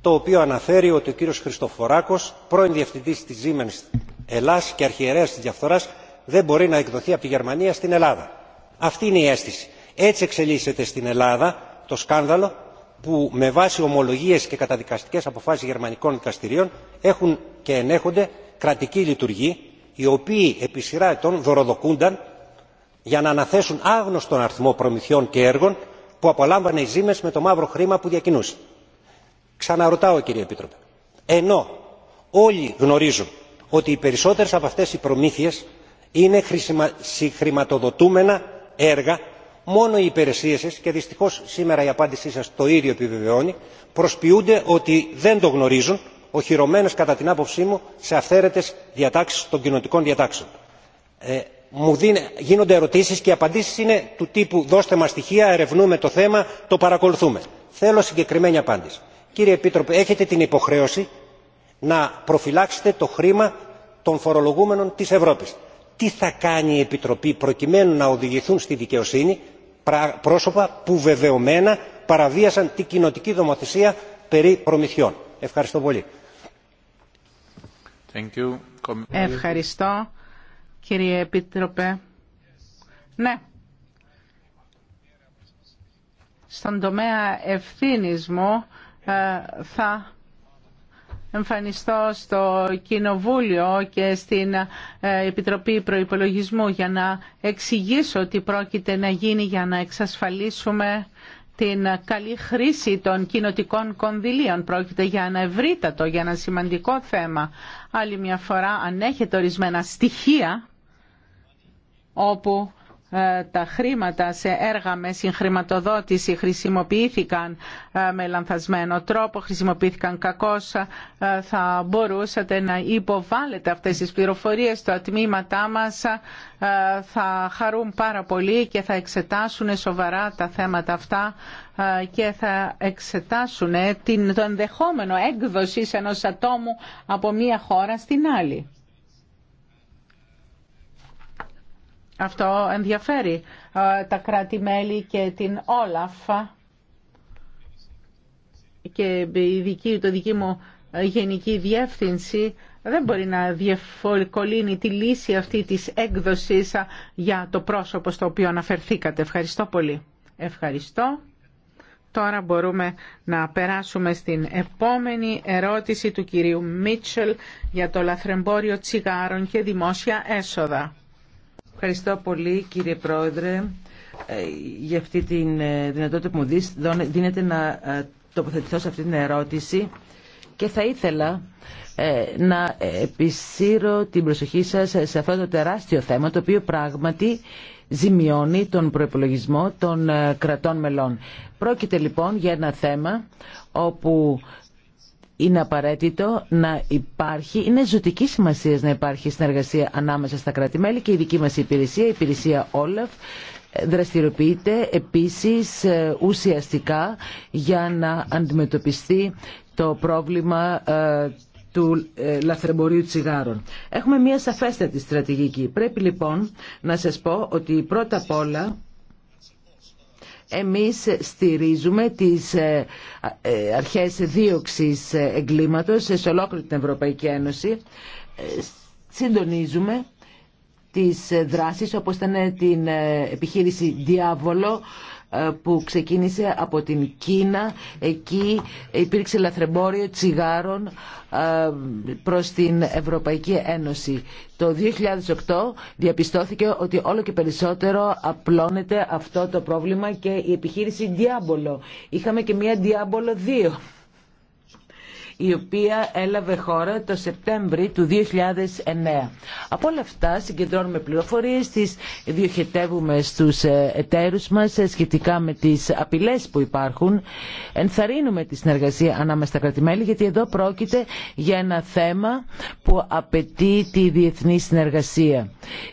το οποίο αναφέρει ότι ο κύριος χριστοφοράκος πρώην διευθυντή τη siemens ελλάς και αρχιερέα τη διαφθορά, δεν μπορεί να εκδοθεί από τη γερμανία στην ελλάδα. αυτή είναι η αίσθηση. έτσι εξελίσσεται στην ελλάδα το σκάνδαλο που με βάση ομολογίες και καταδικαστικές αποφάσεις γερμανικών δικαστηρίων έχουν και ενέχονται κρατικοί λειτουργοί οι οποίοι επί σειρά ετών δωροδοκούνταν για να αναθέσουν άγνωστον αριθμό προμηθειών και έργων που απολάμβανε οι ζήμες με το μαύρο χρήμα που διακινούσε. Ξαναρωτάω κύριε Επίτροπε, ενώ όλοι γνωρίζουν ότι οι περισσότερες από αυτές οι προμήθειες είναι συγχρηματοδοτούμενα έργα μόνο οι υπηρεσίε σα και δυστυχώ σήμερα η απάντησή σα το ίδιο επιβεβαιώνει προσποιούνται ότι δεν το γνωρίζουν οχυρωμένε κατά την άποψή μου σε αυθαίρετε διατάξει των κοινοτικών διατάξεων. Ε, γίνονται ερωτήσει και οι απαντήσει είναι του τύπου δώστε μα στοιχεία ερευνούμε το θέμα το παρακολουθούμε. θέλω συγκεκριμένη απάντηση. κύριε επίτροπε έχετε την υποχρέωση να προφυλάξετε το χρήμα των φορολογούμενων τη Ευρώπη. τι θα κάνει η επιτροπή προκειμένου να οδηγηθούν στη δικαιοσύνη πρόσωπα που βεβαιωμένα παραβίασαν την κοινοτική δομοθεσία περί προμηθειών. Ευχαριστώ πολύ. Ευχαριστώ κύριε Επίτροπε. Ναι. Στον τομέα ευθύνης μου ε, θα εμφανιστώ στο Κοινοβούλιο και στην ε, Επιτροπή Προϋπολογισμού για να εξηγήσω τι πρόκειται να γίνει για να εξασφαλίσουμε την καλή χρήση των κοινοτικών κονδυλίων. Πρόκειται για ένα ευρύτατο, για ένα σημαντικό θέμα. Άλλη μια φορά έχετε ορισμένα στοιχεία όπου ε, τα χρήματα σε έργα με συγχρηματοδότηση χρησιμοποιήθηκαν ε, με λανθασμένο τρόπο, χρησιμοποιήθηκαν κακώς, ε, θα μπορούσατε να υποβάλλετε αυτές τις πληροφορίες στο τμήματά μας, θα χαρούν πάρα πολύ και θα εξετάσουν σοβαρά τα θέματα αυτά και θα εξετάσουν το ενδεχόμενο έκδοση ενός ατόμου από μία χώρα στην άλλη. Αυτό ενδιαφέρει ε, τα κράτη-μέλη και την Όλαφ και η δική, το δική μου γενική διεύθυνση δεν μπορεί να διευκολύνει τη λύση αυτή της έκδοσης για το πρόσωπο στο οποίο αναφερθήκατε. Ευχαριστώ πολύ. Ευχαριστώ. Τώρα μπορούμε να περάσουμε στην επόμενη ερώτηση του κυρίου Μίτσελ για το λαθρεμπόριο τσιγάρων και δημόσια έσοδα. Ευχαριστώ πολύ κύριε Πρόεδρε ε, για αυτή τη ε, δυνατότητα που μου δίνετε να ε, τοποθετηθώ σε αυτή την ερώτηση και θα ήθελα να επισύρω την προσοχή σας σε αυτό το τεράστιο θέμα το οποίο πράγματι ζημιώνει τον προπολογισμό των κρατών μελών. Πρόκειται λοιπόν για ένα θέμα όπου είναι απαραίτητο να υπάρχει, είναι ζωτική σημασία να υπάρχει συνεργασία ανάμεσα στα κράτη-μέλη και η δική μας υπηρεσία, η υπηρεσία Όλαφ, ε, δραστηριοποιείται επίσης ε, ουσιαστικά για να αντιμετωπιστεί το πρόβλημα ε, του λαθρεμπορίου τσιγάρων. Έχουμε μια σαφέστατη στρατηγική. Πρέπει λοιπόν να σας πω ότι πρώτα απ' όλα εμείς στηρίζουμε τις ε, ε, αρχές δίωξης εγκλήματος σε ολόκληρη την Ευρωπαϊκή Ένωση. Ε, συντονίζουμε τις δράσεις όπως ήταν την επιχείρηση «Διάβολο» Ε, που ξεκίνησε από την Κίνα. Εκεί υπήρξε λαθρεμπόριο τσιγάρων ε, προς την Ευρωπαϊκή Ένωση. Το 2008 διαπιστώθηκε ότι όλο και περισσότερο απλώνεται αυτό το πρόβλημα και η επιχείρηση Διάμπολο. Είχαμε και μία Διάμπολο 2 η οποία έλαβε χώρα το Σεπτέμβρη του 2009. Από όλα αυτά συγκεντρώνουμε πληροφορίες, τις διοχετεύουμε στους ε, εταίρους μας ε, σχετικά με τις απειλές που υπάρχουν. Ενθαρρύνουμε τη συνεργασία ανάμεσα στα κρατημέλη γιατί εδώ πρόκειται για ένα θέμα που απαιτεί τη διεθνή συνεργασία.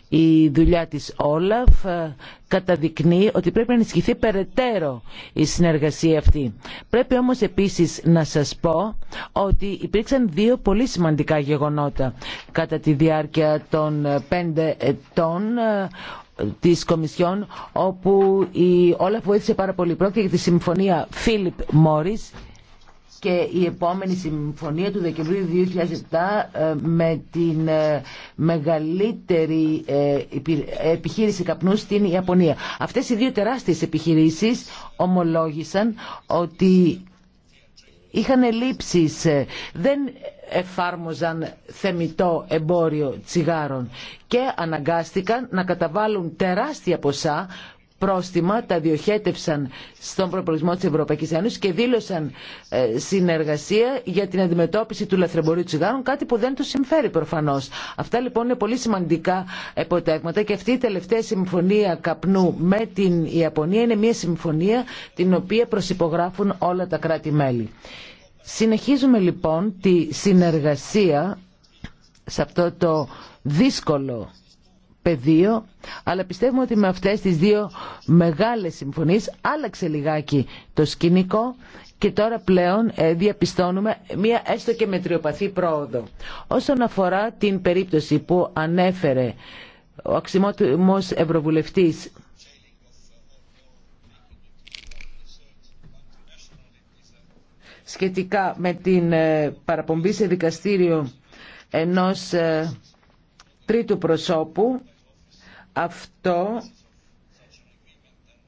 Η δουλειά της Όλαφ ε, καταδεικνύει ότι πρέπει να ενισχυθεί περαιτέρω η συνεργασία αυτή. Πρέπει όμως επίσης να σας πω ότι υπήρξαν δύο πολύ σημαντικά γεγονότα κατά τη διάρκεια των πέντε ετών ε, της Κομισιόν όπου η Όλαφ βοήθησε πάρα πολύ πρόκειται για τη συμφωνία Φίλιπ Morris και η επόμενη συμφωνία του Δεκεμβρίου 2007 ε, με την ε, μεγαλύτερη ε, επιχείρηση καπνού στην Ιαπωνία. Αυτές οι δύο τεράστιες επιχειρήσεις ομολόγησαν ότι είχαν ελλείψεις, δεν εφάρμοζαν θεμητό εμπόριο τσιγάρων και αναγκάστηκαν να καταβάλουν τεράστια ποσά πρόστιμα, τα διοχέτευσαν στον προπολογισμό της Ευρωπαϊκής Ένωσης και δήλωσαν ε, συνεργασία για την αντιμετώπιση του λαθρεμπορίου τσιγάρων, κάτι που δεν τους συμφέρει προφανώς. Αυτά λοιπόν είναι πολύ σημαντικά εποτέγματα και αυτή η τελευταία συμφωνία καπνού με την Ιαπωνία είναι μια συμφωνία την οποία προσυπογράφουν όλα τα κράτη-μέλη. Συνεχίζουμε λοιπόν τη συνεργασία σε αυτό το δύσκολο πεδίο, αλλά πιστεύουμε ότι με αυτές τις δύο μεγάλες συμφωνίες άλλαξε λιγάκι το σκηνικό και τώρα πλέον ε, διαπιστώνουμε μία έστω και μετριοπαθή πρόοδο. Όσον αφορά την περίπτωση που ανέφερε ο αξιμότιμος Ευρωβουλευτής σχετικά με την ε, παραπομπή σε δικαστήριο ενός ε, τρίτου προσώπου αυτό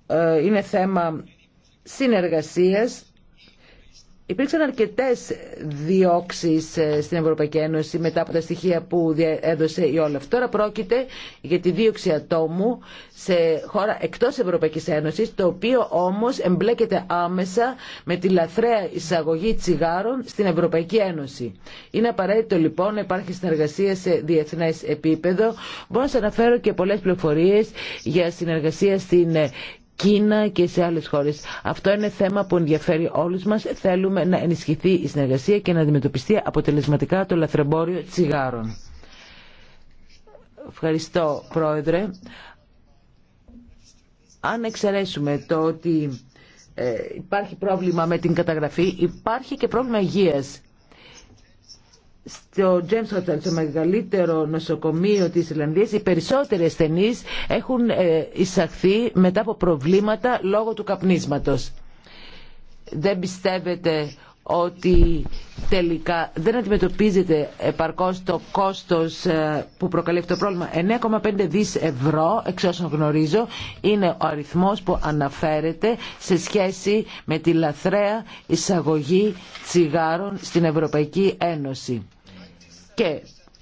ε, είναι θέμα συνεργασίας Υπήρξαν αρκετέ διώξει ε, στην Ευρωπαϊκή Ένωση μετά από τα στοιχεία που έδωσε η Όλαφ. Τώρα πρόκειται για τη δίωξη ατόμου σε χώρα εκτό Ευρωπαϊκή Ένωση, το οποίο όμω εμπλέκεται άμεσα με τη λαθρέα εισαγωγή τσιγάρων στην Ευρωπαϊκή Ένωση. Είναι απαραίτητο λοιπόν να υπάρχει συνεργασία σε διεθνέ επίπεδο. Μπορώ να σα αναφέρω και πολλέ πληροφορίε για συνεργασία στην Κίνα και σε άλλες χώρες. Αυτό είναι θέμα που ενδιαφέρει όλους μας. Θέλουμε να ενισχυθεί η συνεργασία και να αντιμετωπιστεί αποτελεσματικά το λαθρεμπόριο τσιγάρων. Ευχαριστώ, Πρόεδρε. Αν εξαιρέσουμε το ότι ε, υπάρχει πρόβλημα με την καταγραφή, υπάρχει και πρόβλημα υγείας στο James Hotel, το μεγαλύτερο νοσοκομείο της Ιρλανδίας, οι περισσότεροι ασθενείς έχουν ε, εισαχθεί μετά από προβλήματα λόγω του καπνίσματος. Δεν πιστεύετε ότι τελικά δεν αντιμετωπίζεται επαρκώς το κόστος ε, που προκαλεί αυτό το πρόβλημα. 9,5 δις ευρώ, εξ όσων γνωρίζω, είναι ο αριθμός που αναφέρεται σε σχέση με τη λαθρέα εισαγωγή τσιγάρων στην Ευρωπαϊκή Ένωση και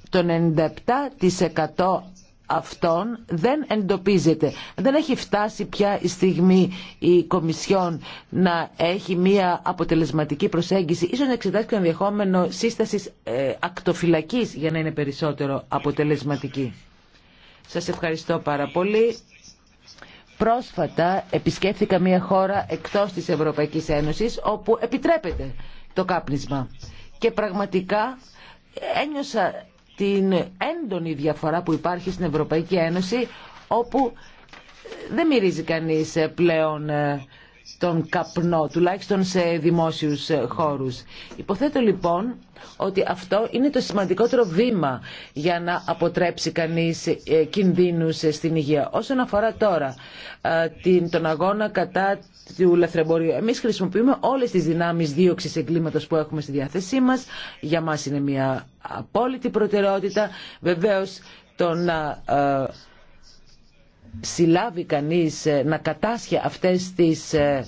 το 97% αυτών δεν εντοπίζεται. Δεν έχει φτάσει πια η στιγμή η Κομισιόν να έχει μια αποτελεσματική προσέγγιση. Ίσως να εξετάσει το ενδεχόμενο σύστασης ε, ακτοφυλακής για να είναι περισσότερο αποτελεσματική. Σας ευχαριστώ πάρα πολύ. Πρόσφατα επισκέφθηκα μια χώρα εκτός της Ευρωπαϊκής Ένωσης όπου επιτρέπεται το κάπνισμα. Και πραγματικά ένιωσα την έντονη διαφορά που υπάρχει στην Ευρωπαϊκή Ένωση όπου δεν μυρίζει κανείς ε, πλέον ε, τον καπνό, τουλάχιστον σε δημόσιους ε, χώρους. Υποθέτω λοιπόν ότι αυτό είναι το σημαντικότερο βήμα για να αποτρέψει κανείς κινδύνους στην υγεία. Όσον αφορά τώρα τον αγώνα κατά του λαθρεμπορίου. Εμείς χρησιμοποιούμε όλες τις δυνάμεις δίωξης εγκλήματος που έχουμε στη διάθεσή μας. Για μας είναι μια απόλυτη προτεραιότητα. Βεβαίως το να ε, συλλάβει κανείς, ε, να κατάσχει αυτές τις ε,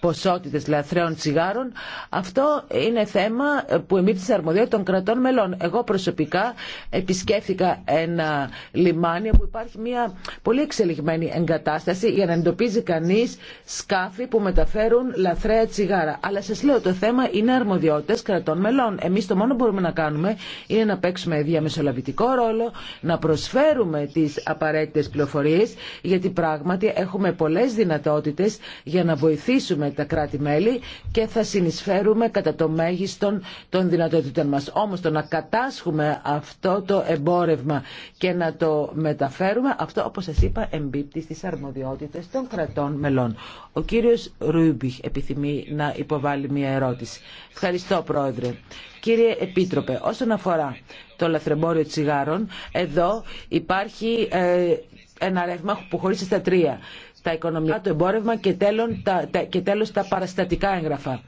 ποσότητες λαθρέων τσιγάρων, αυτό είναι θέμα που εμπίπτει της αρμοδιότητα των κρατών μελών. Εγώ προσωπικά επισκέφθηκα ένα λιμάνι που υπάρχει μια πολύ εξελιγμένη εγκατάσταση για να εντοπίζει κανείς σκάφη που μεταφέρουν λαθρέα τσιγάρα. Αλλά σας λέω το θέμα είναι αρμοδιότητες κρατών μελών. Εμείς το μόνο που μπορούμε να κάνουμε είναι να παίξουμε διαμεσολαβητικό ρόλο, να προσφέρουμε τις απαραίτητες πληροφορίες, γιατί πράγματι έχουμε πολλές δυνατότητες για να βοηθήσουμε τα κράτη-μέλη και θα συνεισφέρουμε κατά το μέγιστο των δυνατοτήτων μας. Όμως το να κατάσχουμε αυτό το εμπόρευμα και να το μεταφέρουμε, αυτό όπως σας είπα εμπίπτει στις αρμοδιότητες των κρατών μελών. Ο κύριος Ρούμπιχ επιθυμεί να υποβάλει μια ερώτηση. Ευχαριστώ Πρόεδρε. Κύριε Επίτροπε, όσον αφορά το λαθρεμπόριο τσιγάρων, εδώ υπάρχει ε, ένα ρεύμα που χωρίζει στα τρία τα οικονομικά, το εμπόρευμα και, τα, τέλος τα παραστατικά έγγραφα.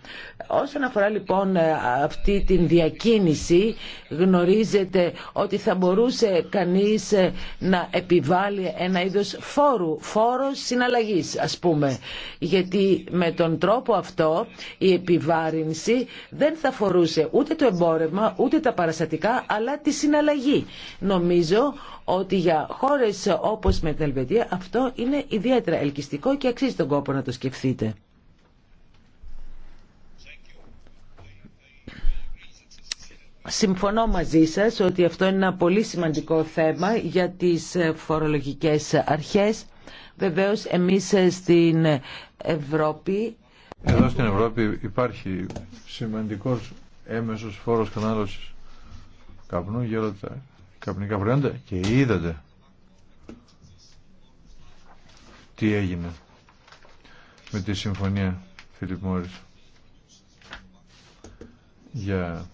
Όσον αφορά λοιπόν ε, αυτή την διακίνηση γνωρίζετε ότι θα μπορούσε κανείς ε, να επιβάλλει ένα είδος φόρου, φόρος συναλλαγής ας πούμε. Γιατί με τον τρόπο αυτό η επιβάρυνση δεν θα φορούσε ούτε το εμπόρευμα ούτε τα παραστατικά αλλά τη συναλλαγή. Νομίζω ότι για χώρες όπω με την Ελβετία αυτό είναι ιδιαίτερα ελκυστικό και αξίζει τον κόπο να το σκεφτείτε. Συμφωνώ μαζί σας ότι αυτό είναι ένα πολύ σημαντικό θέμα για τις φορολογικές αρχές. Βεβαίως εμείς στην Ευρώπη... Εδώ στην Ευρώπη υπάρχει σημαντικός έμεσος φόρος κανάλωσης καπνού, γερότητα καπνικά προϊόντα και είδατε τι έγινε με τη συμφωνία Φιλιπ Μόρις για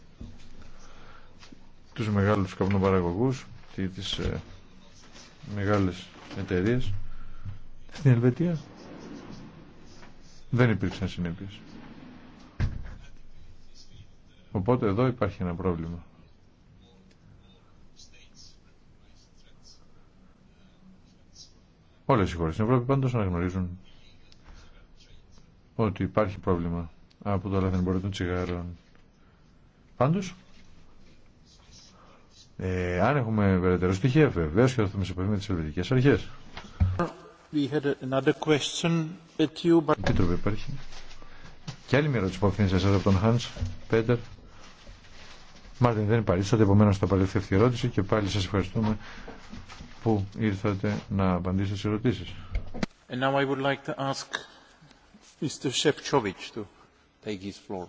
τους μεγάλους καπνοπαραγωγούς και τις ε, μεγάλες εταιρείες στην Ελβετία δεν υπήρξαν συνέπειες. Οπότε εδώ υπάρχει ένα πρόβλημα. Όλε οι χώρε στην Ευρώπη πάντως αναγνωρίζουν ότι υπάρχει πρόβλημα από το λαθρεμπορίο των τσιγάρων. Πάντω. ε, αν έχουμε περαιτέρω στοιχεία, βεβαίω και θα έρθουμε σε επαφή με τις ελβετικές αρχές. υπάρχει. Και άλλη μια ερώτηση που αφήνει σε εσά από τον Χάνς, Πέτερ. Μάρτιν δεν παρήσατε, επομένω θα παρελθεί αυτή η ερώτηση και πάλι σα ευχαριστούμε που ήρθατε να απαντήσετε στις ερωτήσεις. And now I would like to ask Mr. to take his floor.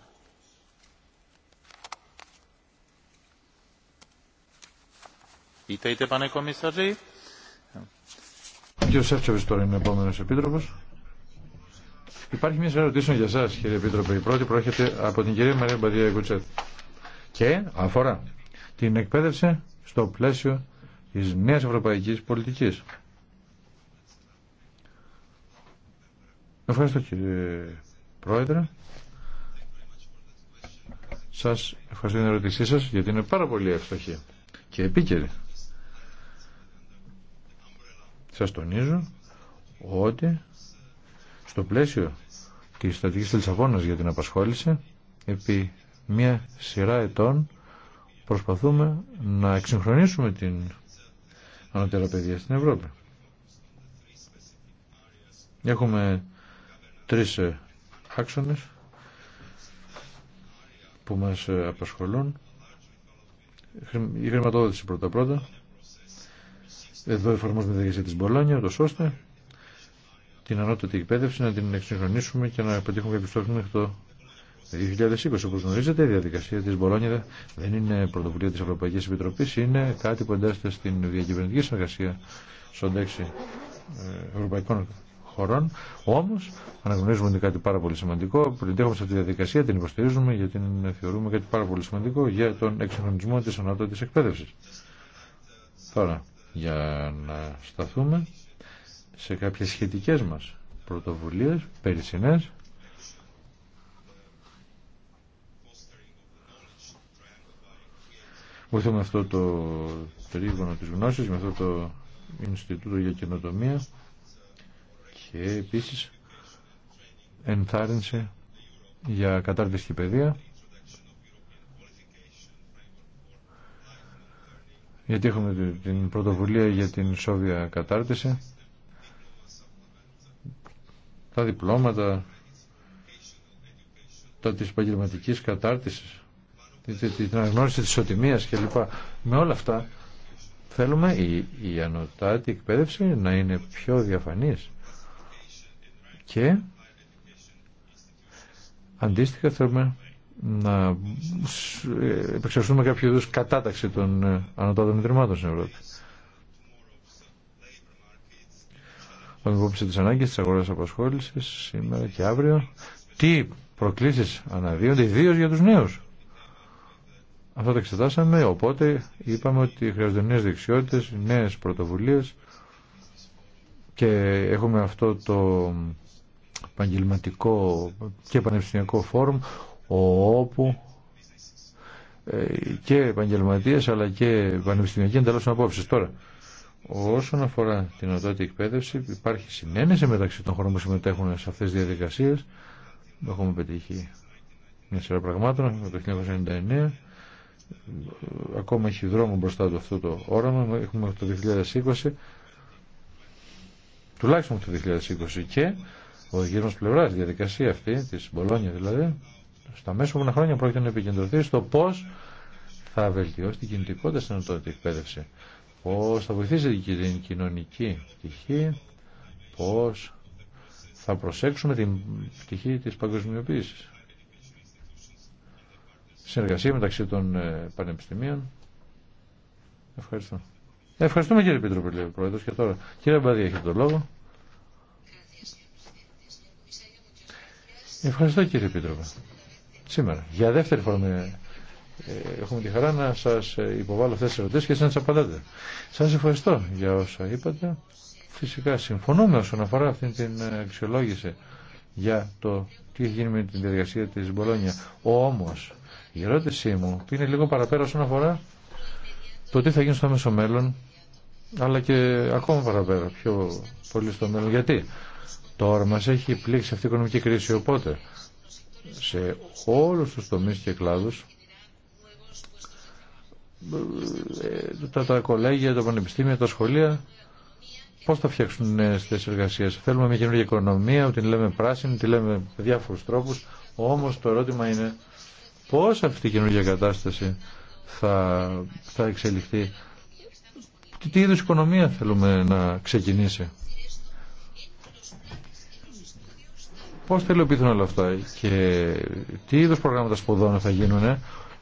Σεύτσοβης τώρα είναι ο επόμενος επίτροπος. Υπάρχει μια ερωτήση ερωτήσεων για σας, κύριε Επίτροπε. Η πρώτη προέρχεται από την κυρία Μαρία Μπαδία Γκουτσέτ και αφορά την εκπαίδευση στο πλαίσιο της νέας ευρωπαϊκής πολιτικής. Ευχαριστώ κύριε Πρόεδρε. Σας ευχαριστώ την ερώτησή σας γιατί είναι πάρα πολύ εύστοχη και επίκαιρη. Σας τονίζω ότι στο πλαίσιο της στρατηγικής Λισαβόνα για την απασχόληση επί μια σειρά ετών προσπαθούμε να εξυγχρονίσουμε την ανωτέρα παιδιά στην Ευρώπη. Έχουμε τρεις ε, άξονες που μας ε, απασχολούν. Η χρηματοδότηση πρώτα-πρώτα. Εδώ εφαρμόζουμε τη διαδικασία της Μπολόνια, ούτως ώστε την ανώτατη εκπαίδευση να την εξυγχρονίσουμε και να πετύχουμε στόχους μέχρι το το 2020, όπω γνωρίζετε, η διαδικασία τη Μπολόνια δεν είναι πρωτοβουλία τη Ευρωπαϊκή Επιτροπή, είναι κάτι που εντάσσεται στην διακυβερνητική συνεργασία στον τέξη ε, ευρωπαϊκών χωρών. Όμω, αναγνωρίζουμε ότι είναι κάτι πάρα πολύ σημαντικό, προτέχουμε σε αυτή τη διαδικασία, την υποστηρίζουμε γιατί την θεωρούμε κάτι πάρα πολύ σημαντικό για τον εξυγχρονισμό τη της εκπαίδευση. Τώρα, για να σταθούμε σε κάποιε σχετικέ μα πρωτοβουλίε, περισσινές, Βοηθούμε με αυτό το τρίγωνο της γνώσης, με αυτό το Ινστιτούτο για Καινοτομία και επίσης ενθάρρυνση για κατάρτιση και παιδεία γιατί έχουμε την πρωτοβουλία για την σόβια κατάρτιση τα διπλώματα τα της επαγγελματική κατάρτισης την αναγνώριση της και κλπ. Με όλα αυτά θέλουμε η, η ανωτάτη εκπαίδευση να είναι πιο διαφανής και αντίστοιχα θέλουμε να ε, επεξεργαστούμε κάποιο είδους κατάταξη των ε, ανωτάτων ιδρυμάτων στην Ευρώπη. Ο υπόψη τις ανάγκες της αγοράς απασχόλησης σήμερα και αύριο. Τι προκλήσεις αναδύονται, ιδίω για τους νέους. Αυτό το εξετάσαμε, οπότε είπαμε ότι χρειάζονται νέες δεξιότητες, νέες πρωτοβουλίες και έχουμε αυτό το επαγγελματικό και πανεπιστημιακό φόρουμ όπου ε, και επαγγελματίες αλλά και πανεπιστημιακοί ανταλλάσσουν απόψεις. Τώρα, όσον αφορά την οδότη εκπαίδευση υπάρχει συνένεση μεταξύ των χωρών που συμμετέχουν σε αυτές τις διαδικασίες. Έχουμε πετύχει μια σειρά πραγμάτων από το 1999 ακόμα έχει δρόμο μπροστά του αυτό το όραμα έχουμε το 2020 τουλάχιστον το 2020 και ο γύρος πλευράς διαδικασία αυτή της Μπολόνια δηλαδή στα μέσα μου χρόνια πρόκειται να επικεντρωθεί στο πώς θα βελτιώσει την κινητικότητα στην ανωτότητα εκπαίδευση πώς θα βοηθήσει την κοινωνική πτυχή πώς θα προσέξουμε την πτυχή της παγκοσμιοποίησης συνεργασία μεταξύ των ε, πανεπιστημίων. Ευχαριστώ. Ευχαριστούμε κύριε Πίτροπε, λέει ο Πρόεδρος και τώρα. Κύριε Μπαδία, έχετε τον λόγο. Ευχαριστώ κύριε Πίτροπε. Σήμερα, για δεύτερη φορά με ε, έχουμε τη χαρά να σα ε, υποβάλω αυτέ τις ερωτήσεις και εσείς να τις απαντάτε. Σας ευχαριστώ για όσα είπατε. Φυσικά συμφωνούμε όσον αφορά αυτή την αξιολόγηση για το τι έχει γίνει με την διαδικασία τη Μπολόνια. Όμω. Η ερώτησή μου είναι λίγο παραπέρα όσον αφορά το τι θα γίνει στο μέσο μέλλον, αλλά και ακόμα παραπέρα, πιο πολύ στο μέλλον. Γιατί τώρα μας έχει πλήξει αυτή η οικονομική κρίση, οπότε σε όλους τους τομείς και κλάδους ε, τα, τα κολέγια, τα πανεπιστήμια, τα σχολεία Πώ θα φτιάξουν νέε θέσει εργασία. Θέλουμε μια καινούργια οικονομία, την λέμε πράσινη, τη λέμε με διάφορου τρόπου. Όμω το ερώτημα είναι πώς αυτή η καινούργια κατάσταση θα, θα εξελιχθεί. Τι, τι είδους οικονομία θέλουμε να ξεκινήσει. Πώς τελειοποιηθούν όλα αυτά και τι είδους προγράμματα σπουδών θα γίνουν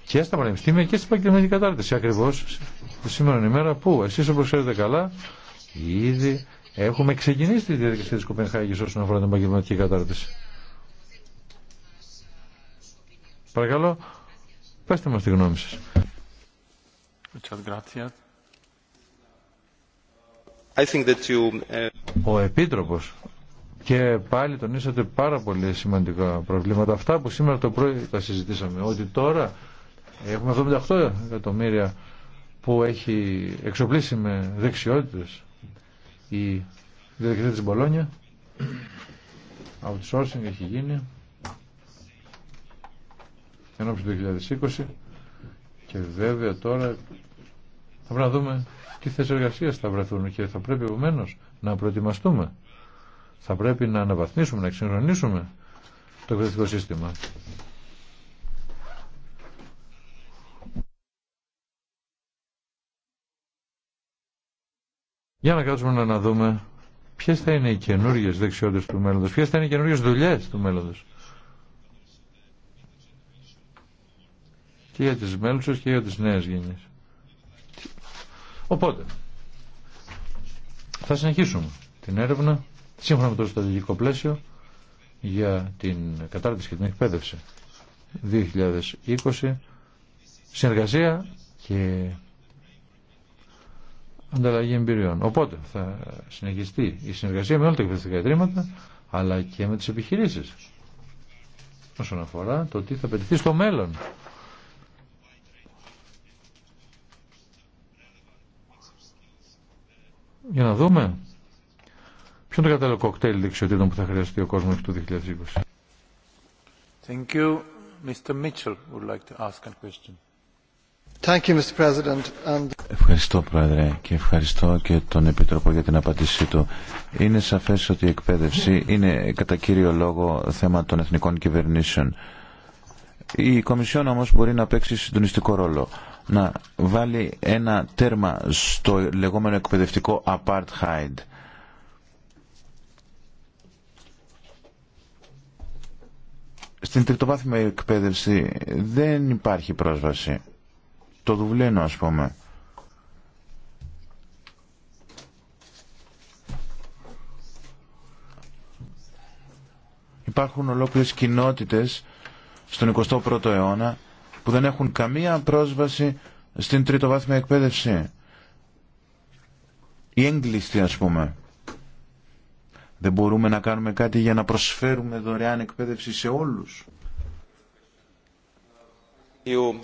και στα πανεπιστήμια και στην επαγγελματική κατάρτιση. Ακριβώς σήμερα είναι η μέρα που εσείς όπως ξέρετε καλά ήδη έχουμε ξεκινήσει τη διαδικασία της Κοπενχάγης όσον αφορά την επαγγελματική κατάρτιση. Παρακαλώ, πέστε μας τη γνώμη σας. Ε, Ο Επίτροπος και πάλι τονίσατε πάρα πολύ σημαντικά προβλήματα. Αυτά που σήμερα το πρωί τα συζητήσαμε, ότι τώρα έχουμε 78 εκατομμύρια που έχει εξοπλίσει με δεξιότητες η διαδικασία της Μπολόνια, outsourcing έχει γίνει, εν το του 2020 και βέβαια τώρα θα πρέπει να δούμε τι θέσει εργασία θα βρεθούν και θα πρέπει επομένω να προετοιμαστούμε. Θα πρέπει να αναβαθμίσουμε, να εξυγχρονίσουμε το εκπαιδευτικό σύστημα. Για να κάτσουμε να δούμε ποιες θα είναι οι καινούργιε δεξιότητε του μέλλοντος, ποιες θα είναι οι καινούργιε δουλειέ του μέλλοντος και για τις μέλουσες και για τις νέες γενιές. Οπότε, θα συνεχίσουμε την έρευνα σύμφωνα με το στρατηγικό πλαίσιο για την κατάρτιση και την εκπαίδευση 2020 συνεργασία και ανταλλαγή εμπειριών. Οπότε θα συνεχιστεί η συνεργασία με όλα τα εκπαιδευτικά ιδρύματα αλλά και με τις επιχειρήσεις όσον αφορά το τι θα πετυχθεί στο μέλλον για να δούμε ποιο είναι το κατάλληλο κοκτέιλ δεξιοτήτων που θα χρειαστεί ο κόσμος του 2020. Ευχαριστώ Πρόεδρε και ευχαριστώ και τον Επιτροπό για την απαντήσή του. Είναι σαφές ότι η εκπαίδευση είναι κατά κύριο λόγο θέμα των εθνικών κυβερνήσεων. Η Κομισιόν όμως μπορεί να παίξει συντονιστικό ρόλο να βάλει ένα τέρμα στο λεγόμενο εκπαιδευτικό apartheid. Στην τριτοβάθμια εκπαίδευση δεν υπάρχει πρόσβαση. Το δουβλένω, ας πούμε. Υπάρχουν ολόκληρες κοινότητες στον 21ο αιώνα που δεν έχουν καμία πρόσβαση στην τρίτο βάθμια εκπαίδευση. Οι έγκλειστοι ας πούμε. Δεν μπορούμε να κάνουμε κάτι για να προσφέρουμε δωρεάν εκπαίδευση σε όλους. Uh,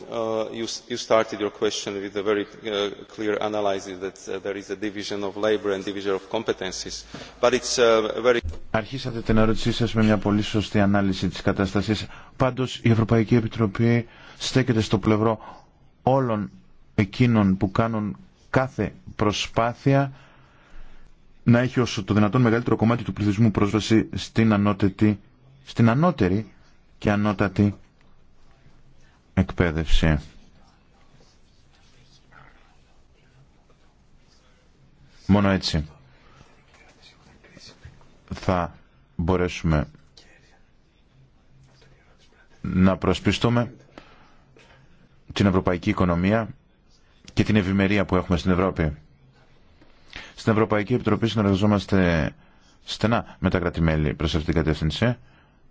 you started your question with a very uh, clear analysis that uh, there is a division of and division of But very... Αρχίσατε την ερώτησή σας με μια πολύ σωστή ανάλυση της κατάστασης. Πάντως η Ευρωπαϊκή Επιτροπή στέκεται στο πλευρό όλων εκείνων που κάνουν κάθε προσπάθεια να έχει όσο το δυνατόν μεγαλύτερο κομμάτι του πληθυσμού πρόσβαση στην ανώτερη και ανώτατη εκπαίδευση. Μόνο έτσι θα μπορέσουμε να προσπιστούμε την ευρωπαϊκή οικονομία και την ευημερία που έχουμε στην Ευρώπη. Στην Ευρωπαϊκή Επιτροπή συνεργαζόμαστε στενά με τα κράτη-μέλη προς αυτήν την κατεύθυνση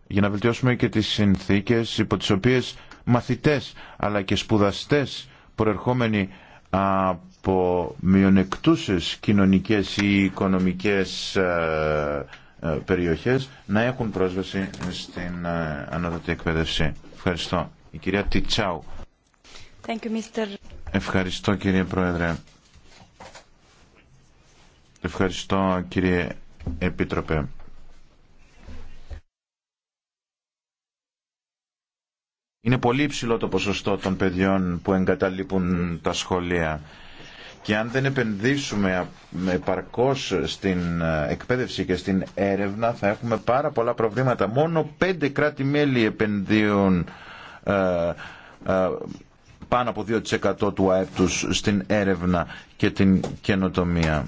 για να βελτιώσουμε και τις συνθήκες υπό τις οποίες μαθητές αλλά και σπουδαστές προερχόμενοι από μειονεκτούσες κοινωνικές ή οικονομικές ε, ε, περιοχές να έχουν πρόσβαση στην ε, ανώτατη εκπαίδευση. Ευχαριστώ. Η κυρία Τιτσάου. Thank you, Mr. Ευχαριστώ κύριε Πρόεδρε. Ευχαριστώ κύριε Επίτροπε. Είναι πολύ υψηλό το ποσοστό των παιδιών που εγκαταλείπουν τα σχολεία. Και αν δεν επενδύσουμε επαρκώς στην εκπαίδευση και στην έρευνα θα έχουμε πάρα πολλά προβλήματα. Μόνο πέντε κράτη-μέλη επενδύουν πάνω από 2% του ΑΕΠ τους στην έρευνα και την καινοτομία.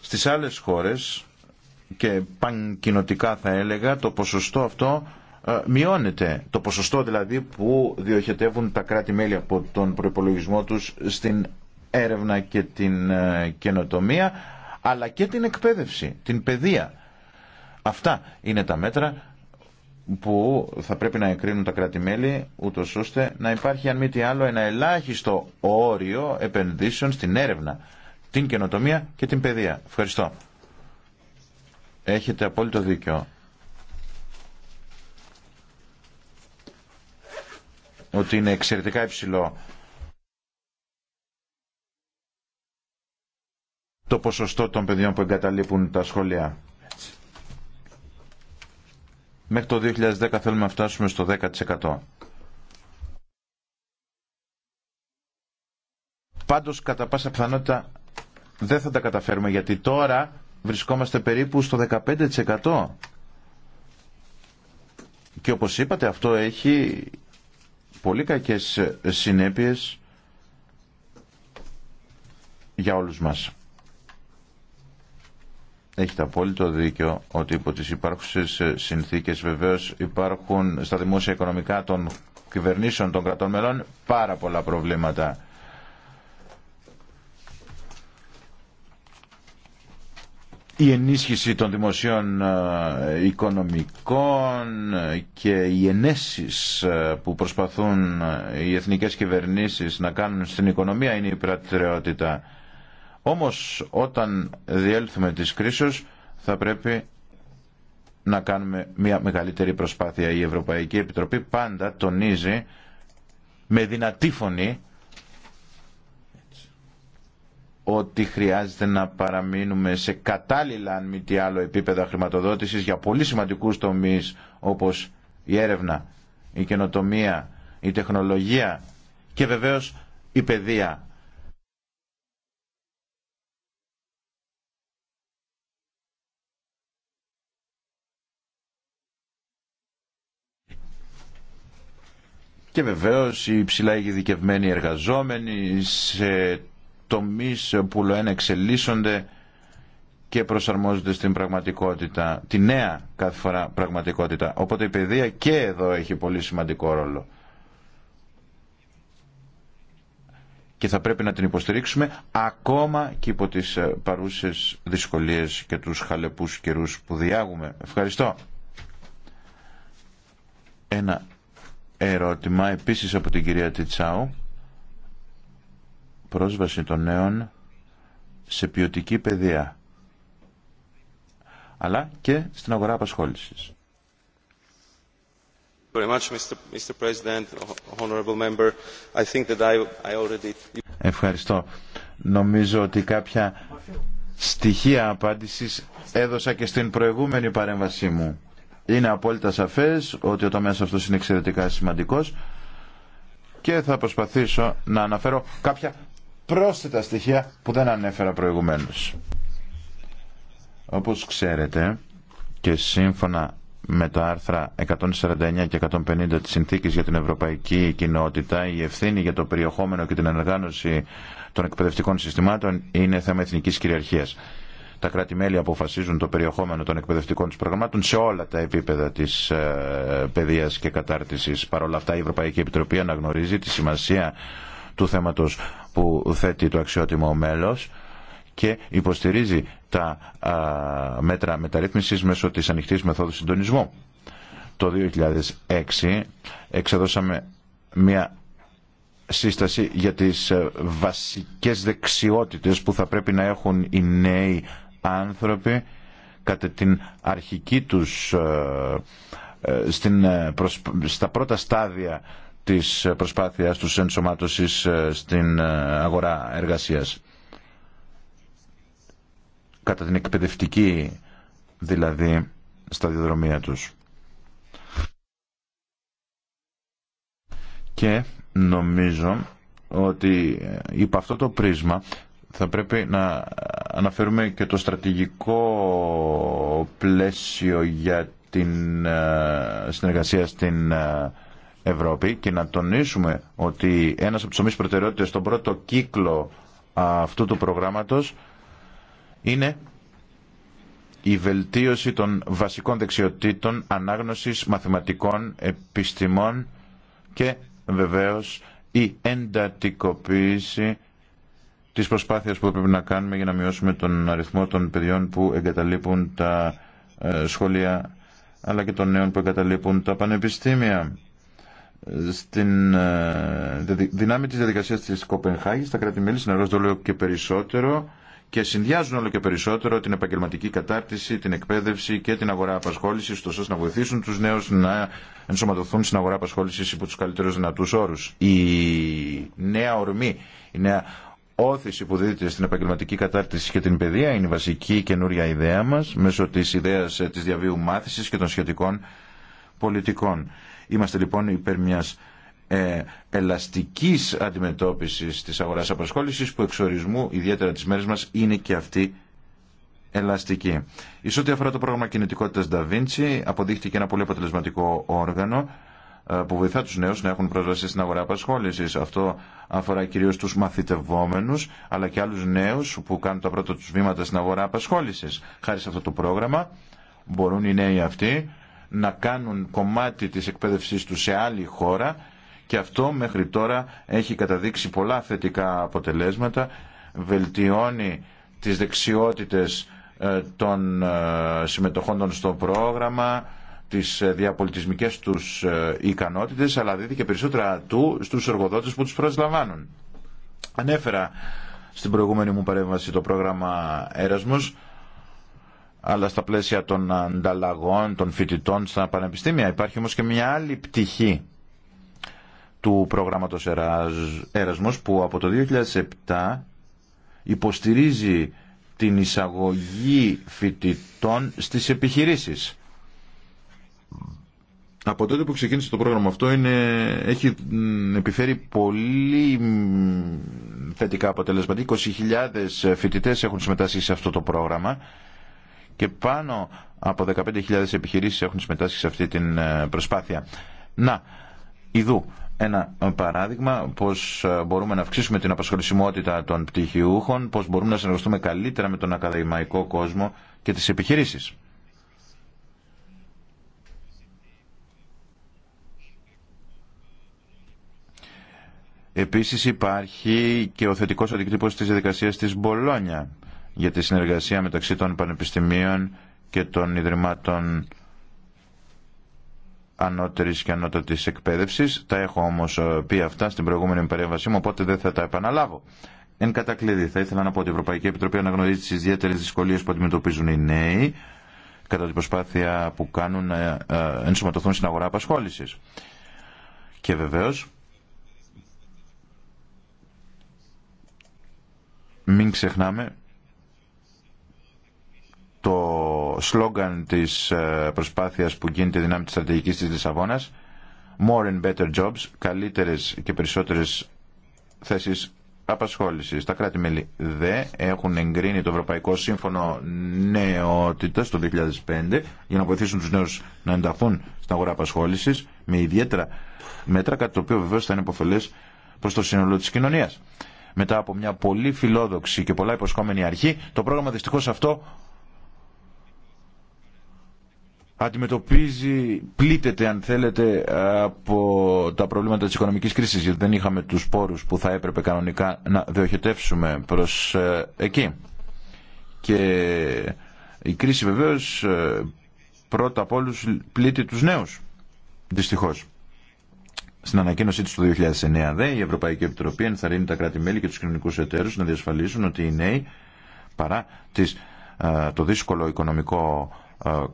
Στις άλλες χώρες και πανκοινοτικά θα έλεγα το ποσοστό αυτό ε, μειώνεται το ποσοστό δηλαδή που διοχετεύουν τα κράτη-μέλη από τον προπολογισμό τους στην έρευνα και την ε, καινοτομία αλλά και την εκπαίδευση, την παιδεία. Αυτά είναι τα μέτρα που θα πρέπει να εκρίνουν τα κράτη-μέλη ούτως ώστε να υπάρχει αν μη τι άλλο ένα ελάχιστο όριο επενδύσεων στην έρευνα, την καινοτομία και την παιδεία. Ευχαριστώ. Έχετε απόλυτο δίκιο. ότι είναι εξαιρετικά υψηλό το ποσοστό των παιδιών που εγκαταλείπουν τα σχολεία. Μέχρι το 2010 θέλουμε να φτάσουμε στο 10%. Πάντως κατά πάσα πιθανότητα δεν θα τα καταφέρουμε γιατί τώρα βρισκόμαστε περίπου στο 15%. Και όπως είπατε αυτό έχει πολύ κακές συνέπειες για όλους μας. Έχετε απόλυτο δίκιο ότι υπό τις υπάρχουσες συνθήκες βεβαίως υπάρχουν στα δημόσια οικονομικά των κυβερνήσεων των κρατών μελών πάρα πολλά προβλήματα. η ενίσχυση των δημοσίων ε, οικονομικών ε, και οι ενέσεις ε, που προσπαθούν οι εθνικές κυβερνήσεις να κάνουν στην οικονομία είναι η πρατριότητα. Όμως όταν διέλθουμε της κρίσης θα πρέπει να κάνουμε μια μεγαλύτερη προσπάθεια. Η Ευρωπαϊκή Επιτροπή πάντα τονίζει με δυνατή φωνή ότι χρειάζεται να παραμείνουμε σε κατάλληλα αν μη τι άλλο επίπεδα χρηματοδότησης για πολύ σημαντικούς τομείς όπως η έρευνα, η καινοτομία, η τεχνολογία και βεβαίως η παιδεία. Και βεβαίως οι ψηλά εργαζόμενοι σε τομείς που λένε εξελίσσονται και προσαρμόζονται στην πραγματικότητα, τη νέα κάθε φορά πραγματικότητα. Οπότε η παιδεία και εδώ έχει πολύ σημαντικό ρόλο. Και θα πρέπει να την υποστηρίξουμε ακόμα και υπό τις ε, παρούσες δυσκολίες και τους χαλεπούς καιρούς που διάγουμε. Ευχαριστώ. Ένα ερώτημα επίσης από την κυρία Τιτσάου πρόσβαση των νέων σε ποιοτική παιδεία αλλά και στην αγορά απασχόλησης. Ευχαριστώ. Νομίζω ότι κάποια στοιχεία απάντησης έδωσα και στην προηγούμενη παρέμβασή μου. Είναι απόλυτα σαφές ότι ο τομέας αυτός είναι εξαιρετικά σημαντικός και θα προσπαθήσω να αναφέρω κάποια πρόσθετα στοιχεία που δεν ανέφερα προηγουμένως. Όπως ξέρετε και σύμφωνα με τα άρθρα 149 και 150 της Συνθήκης για την Ευρωπαϊκή Κοινότητα, η ευθύνη για το περιεχόμενο και την ενεργάνωση των εκπαιδευτικών συστημάτων είναι θέμα εθνικής κυριαρχίας. Τα κράτη-μέλη αποφασίζουν το περιεχόμενο των εκπαιδευτικών του προγραμμάτων σε όλα τα επίπεδα τη ε, παιδεία και κατάρτιση. Παρ' όλα αυτά, η Ευρωπαϊκή Επιτροπή αναγνωρίζει τη σημασία του θέματο που θέτει το αξιότιμο μέλος και υποστηρίζει τα μέτρα μεταρρύθμισης μέσω της ανοιχτής μεθόδου συντονισμού. Το 2006 εξεδώσαμε μια σύσταση για τις ε, βασικές δεξιότητες που θα πρέπει να έχουν οι νέοι άνθρωποι κατά την αρχική τους ε, ε, στην, στα πρώτα στάδια της προσπάθειας τους ενσωμάτωσης ε, στην ε, αγορά εργασίας. Κατά την εκπαιδευτική δηλαδή σταδιοδρομία τους. Και νομίζω ότι ε, υπό αυτό το πρίσμα θα πρέπει να αναφέρουμε και το στρατηγικό πλαίσιο για την συνεργασία στην Ευρώπη και να τονίσουμε ότι ένας από τους ομείς προτεραιότητες στον πρώτο κύκλο αυτού του προγράμματος είναι η βελτίωση των βασικών δεξιοτήτων ανάγνωσης μαθηματικών επιστημών και βεβαίως η εντατικοποίηση της προσπάθειας που πρέπει να κάνουμε για να μειώσουμε τον αριθμό των παιδιών που εγκαταλείπουν τα ε, σχολεία αλλά και των νέων που εγκαταλείπουν τα πανεπιστήμια στην ε, δυνάμει της διαδικασίας της Κοπενχάγης τα κράτη-μέλη συνεργάζονται όλο και περισσότερο και συνδυάζουν όλο και περισσότερο την επαγγελματική κατάρτιση, την εκπαίδευση και την αγορά απασχόληση, ώστε να βοηθήσουν του νέου να ενσωματωθούν στην αγορά απασχόληση υπό του καλύτερου δυνατού όρου. Η νέα ορμή, η νέα όθηση που δίδεται στην επαγγελματική κατάρτιση και την παιδεία είναι η βασική καινούρια ιδέα μα μέσω τη ιδέα ε, τη διαβίου μάθηση και των σχετικών πολιτικών. Είμαστε λοιπόν υπέρ μιας ε, ελαστικής αντιμετώπισης της αγοράς απασχόλησης που εξορισμού ιδιαίτερα τι μέρες μας είναι και αυτή ελαστική. Εις ό,τι αφορά το πρόγραμμα κινητικότητας Da Vinci αποδείχτηκε ένα πολύ αποτελεσματικό όργανο ε, που βοηθά τους νέους να έχουν πρόσβαση στην αγορά απασχόλησης. Αυτό αφορά κυρίως τους μαθητευόμενους, αλλά και άλλους νέους που κάνουν τα πρώτα τους βήματα στην αγορά απασχόλησης. Χάρη σε αυτό το πρόγραμμα μπορούν οι νέοι αυτοί να κάνουν κομμάτι της εκπαίδευσής τους σε άλλη χώρα και αυτό μέχρι τώρα έχει καταδείξει πολλά θετικά αποτελέσματα, βελτιώνει τις δεξιότητες ε, των ε, συμμετοχών στο πρόγραμμα, τις ε, διαπολιτισμικές τους ικανότητες, αλλά δίδει και περισσότερα του στους εργοδότες που τους προσλαμβάνουν. Ανέφερα στην προηγούμενη μου παρέμβαση το πρόγραμμα Έρασμος, αλλά στα πλαίσια των ανταλλαγών, των φοιτητών στα πανεπιστήμια. Υπάρχει όμως και μια άλλη πτυχή του προγράμματος Ερασμός που από το 2007 υποστηρίζει την εισαγωγή φοιτητών στις επιχειρήσεις. Από τότε που ξεκίνησε το πρόγραμμα αυτό είναι, έχει επιφέρει πολύ θετικά αποτελέσματα. 20.000 φοιτητές έχουν συμμετάσχει σε αυτό το πρόγραμμα και πάνω από 15.000 επιχειρήσεις έχουν συμμετάσχει σε αυτή την ε, προσπάθεια. Να, ειδού ένα παράδειγμα πώς ε, μπορούμε να αυξήσουμε την απασχολησιμότητα των πτυχιούχων, πώς μπορούμε να συνεργαστούμε καλύτερα με τον ακαδημαϊκό κόσμο και τις επιχειρήσεις. Επίσης υπάρχει και ο θετικός αντικτύπωσης της διαδικασίας της Μπολόνια για τη συνεργασία μεταξύ των πανεπιστημίων και των Ιδρυμάτων ανώτερης και ανώτατης εκπαίδευσης. Τα έχω όμως ε, πει αυτά στην προηγούμενη παρέμβασή μου, οπότε δεν θα τα επαναλάβω. Εν κατακλείδη, θα ήθελα να πω ότι η Ευρωπαϊκή Επιτροπή αναγνωρίζει τις ιδιαίτερες δυσκολίες που αντιμετωπίζουν οι νέοι κατά την προσπάθεια που κάνουν να ε, ε, ενσωματωθούν στην αγορά απασχόλησης. Και βεβαίως, μην ξεχνάμε σλόγγαν της ε, προσπάθειας που γίνεται δυνάμει της στρατηγικής της Λισαβόνας More and better jobs, καλύτερες και περισσότερες θέσεις απασχόλησης. Τα κράτη-μέλη δε έχουν εγκρίνει το Ευρωπαϊκό Σύμφωνο Νεότητας το 2005 για να βοηθήσουν τους νέους να ενταχθούν στην αγορά απασχόλησης με ιδιαίτερα μέτρα, κάτι το οποίο βεβαίως θα είναι υποφελές προς το σύνολο της κοινωνίας. Μετά από μια πολύ φιλόδοξη και πολλά υποσχόμενη αρχή, το πρόγραμμα δυστυχώς αυτό αντιμετωπίζει, πλήττεται αν θέλετε από τα προβλήματα της οικονομικής κρίσης γιατί δεν είχαμε τους πόρους που θα έπρεπε κανονικά να διοχετεύσουμε προς ε, εκεί. Και η κρίση βεβαίως ε, πρώτα απ' όλους πλήττει τους νέους, δυστυχώς. Στην ανακοίνωσή τη του 2009, δε, η Ευρωπαϊκή Επιτροπή ενθαρρύνει τα κράτη-μέλη και του κοινωνικού εταίρου να διασφαλίσουν ότι οι νέοι, παρά τις, ε, το δύσκολο οικονομικό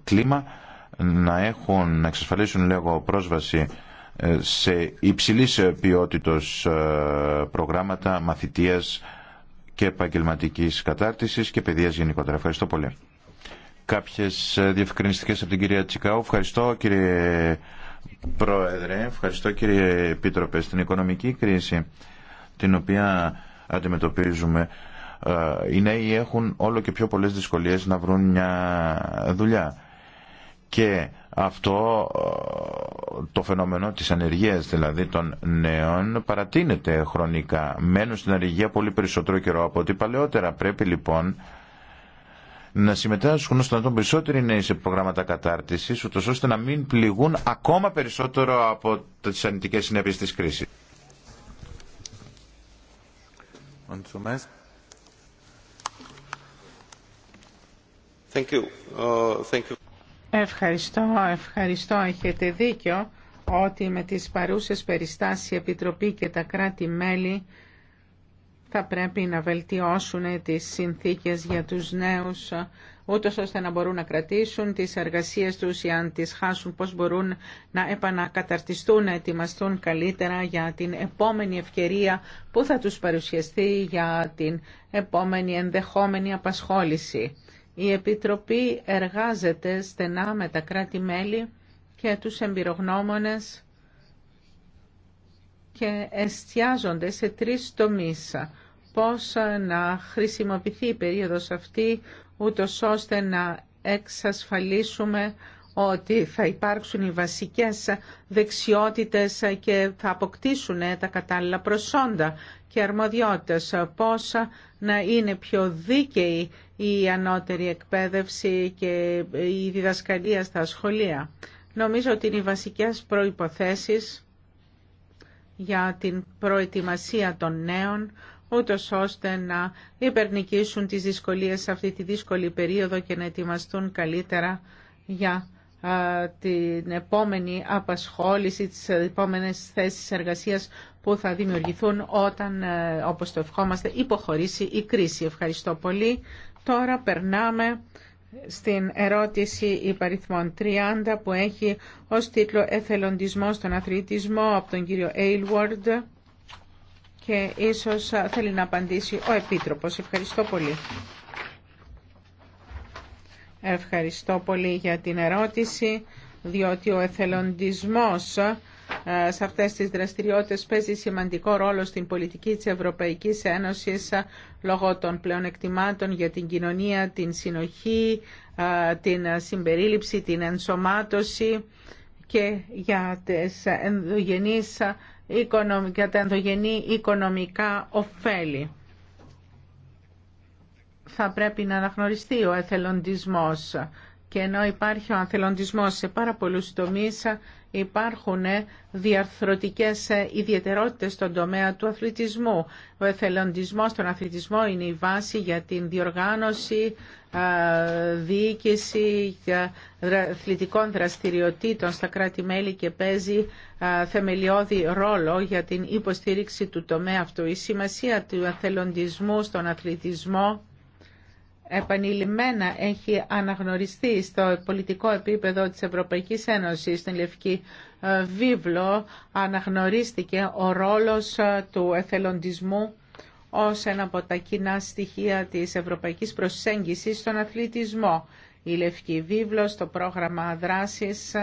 κλίμα, να έχουν, να εξασφαλίσουν λίγο πρόσβαση ε, σε υψηλής ποιότητος ε, προγράμματα μαθητείας και επαγγελματική κατάρτισης και παιδείας γενικότερα. Ευχαριστώ πολύ. Κάποιες ε, διευκρινιστικές από την κυρία Τσικάου. Ευχαριστώ κύριε Πρόεδρε, ευχαριστώ κύριε Επίτροπε. Στην οικονομική κρίση την οποία αντιμετωπίζουμε οι νέοι έχουν όλο και πιο πολλές δυσκολίες να βρουν μια δουλειά και αυτό ε, το φαινόμενο της ανεργίας δηλαδή των νέων παρατείνεται χρονικά. Μένουν στην ανεργία πολύ περισσότερο καιρό από ότι παλαιότερα. Πρέπει λοιπόν να συμμετάσχουν στον των περισσότεροι νέοι σε προγράμματα κατάρτισης ούτως ώστε να μην πληγούν ακόμα περισσότερο από τις αρνητικές συνέπειες της κρίσης. Thank you. Uh, thank you. Ευχαριστώ, ευχαριστώ. Έχετε δίκιο ότι με τις παρούσες περιστάσεις η Επιτροπή και τα κράτη-μέλη θα πρέπει να βελτιώσουν τις συνθήκες για τους νέους ούτω ώστε να μπορούν να κρατήσουν τις εργασίες τους ή αν τις χάσουν πώς μπορούν να επανακαταρτιστούν, να ετοιμαστούν καλύτερα για την επόμενη ευκαιρία που θα τους παρουσιαστεί για την επόμενη ενδεχόμενη απασχόληση. Η Επιτροπή εργάζεται στενά με τα κράτη-μέλη και τους εμπειρογνώμονες και εστιάζονται σε τρεις τομείς. Πώς να χρησιμοποιηθεί η περίοδος αυτή, ούτω ώστε να εξασφαλίσουμε ότι θα υπάρξουν οι βασικές δεξιότητες και θα αποκτήσουν τα κατάλληλα προσόντα και αρμοδιότητες. Πώς να είναι πιο δίκαιη η ανώτερη εκπαίδευση και η διδασκαλία στα σχολεία. Νομίζω ότι είναι οι βασικές προϋποθέσεις για την προετοιμασία των νέων, ούτω ώστε να υπερνικήσουν τις δυσκολίες σε αυτή τη δύσκολη περίοδο και να ετοιμαστούν καλύτερα για την επόμενη απασχόληση, τις επόμενες θέσεις εργασίας που θα δημιουργηθούν όταν, ε, όπως το ευχόμαστε, υποχωρήσει η κρίση. Ευχαριστώ πολύ. Τώρα περνάμε στην ερώτηση υπαριθμών 30 που έχει ως τίτλο «Εθελοντισμό στον αθλητισμό» από τον κύριο Aylward και ίσως θέλει να απαντήσει ο Επίτροπος. Ευχαριστώ πολύ. Ευχαριστώ πολύ για την ερώτηση, διότι ο εθελοντισμός ε, σε αυτές τις δραστηριότητες παίζει σημαντικό ρόλο στην πολιτική της Ευρωπαϊκής Ένωσης ε, λόγω των πλεονεκτημάτων για την κοινωνία, την συνοχή, ε, την συμπερίληψη, την ενσωμάτωση και για, τις ενδογενείς, για τα ενδογενή οικονομικά ωφέλη. Θα πρέπει να αναγνωριστεί ο εθελοντισμός και ενώ υπάρχει ο αθελοντισμός σε πάρα πολλούς τομείς, υπάρχουν ε, διαρθρωτικές ε, ιδιαιτερότητες στον τομέα του αθλητισμού. Ο εθελοντισμός στον αθλητισμό είναι η βάση για την διοργάνωση, ε, διοίκηση αθλητικών δραστηριοτήτων στα κράτη-μέλη και παίζει θεμελιώδη ρόλο για την υποστήριξη του τομέα αυτού. Η σημασία του αθελοντισμού στον αθλητισμό επανειλημμένα έχει αναγνωριστεί στο πολιτικό επίπεδο της Ευρωπαϊκής Ένωσης στην Λευκή ε, Βίβλο αναγνωρίστηκε ο ρόλος ε, του εθελοντισμού ως ένα από τα κοινά στοιχεία της ευρωπαϊκής προσέγγισης στον αθλητισμό. Η Λευκή Βίβλο στο πρόγραμμα δράσης,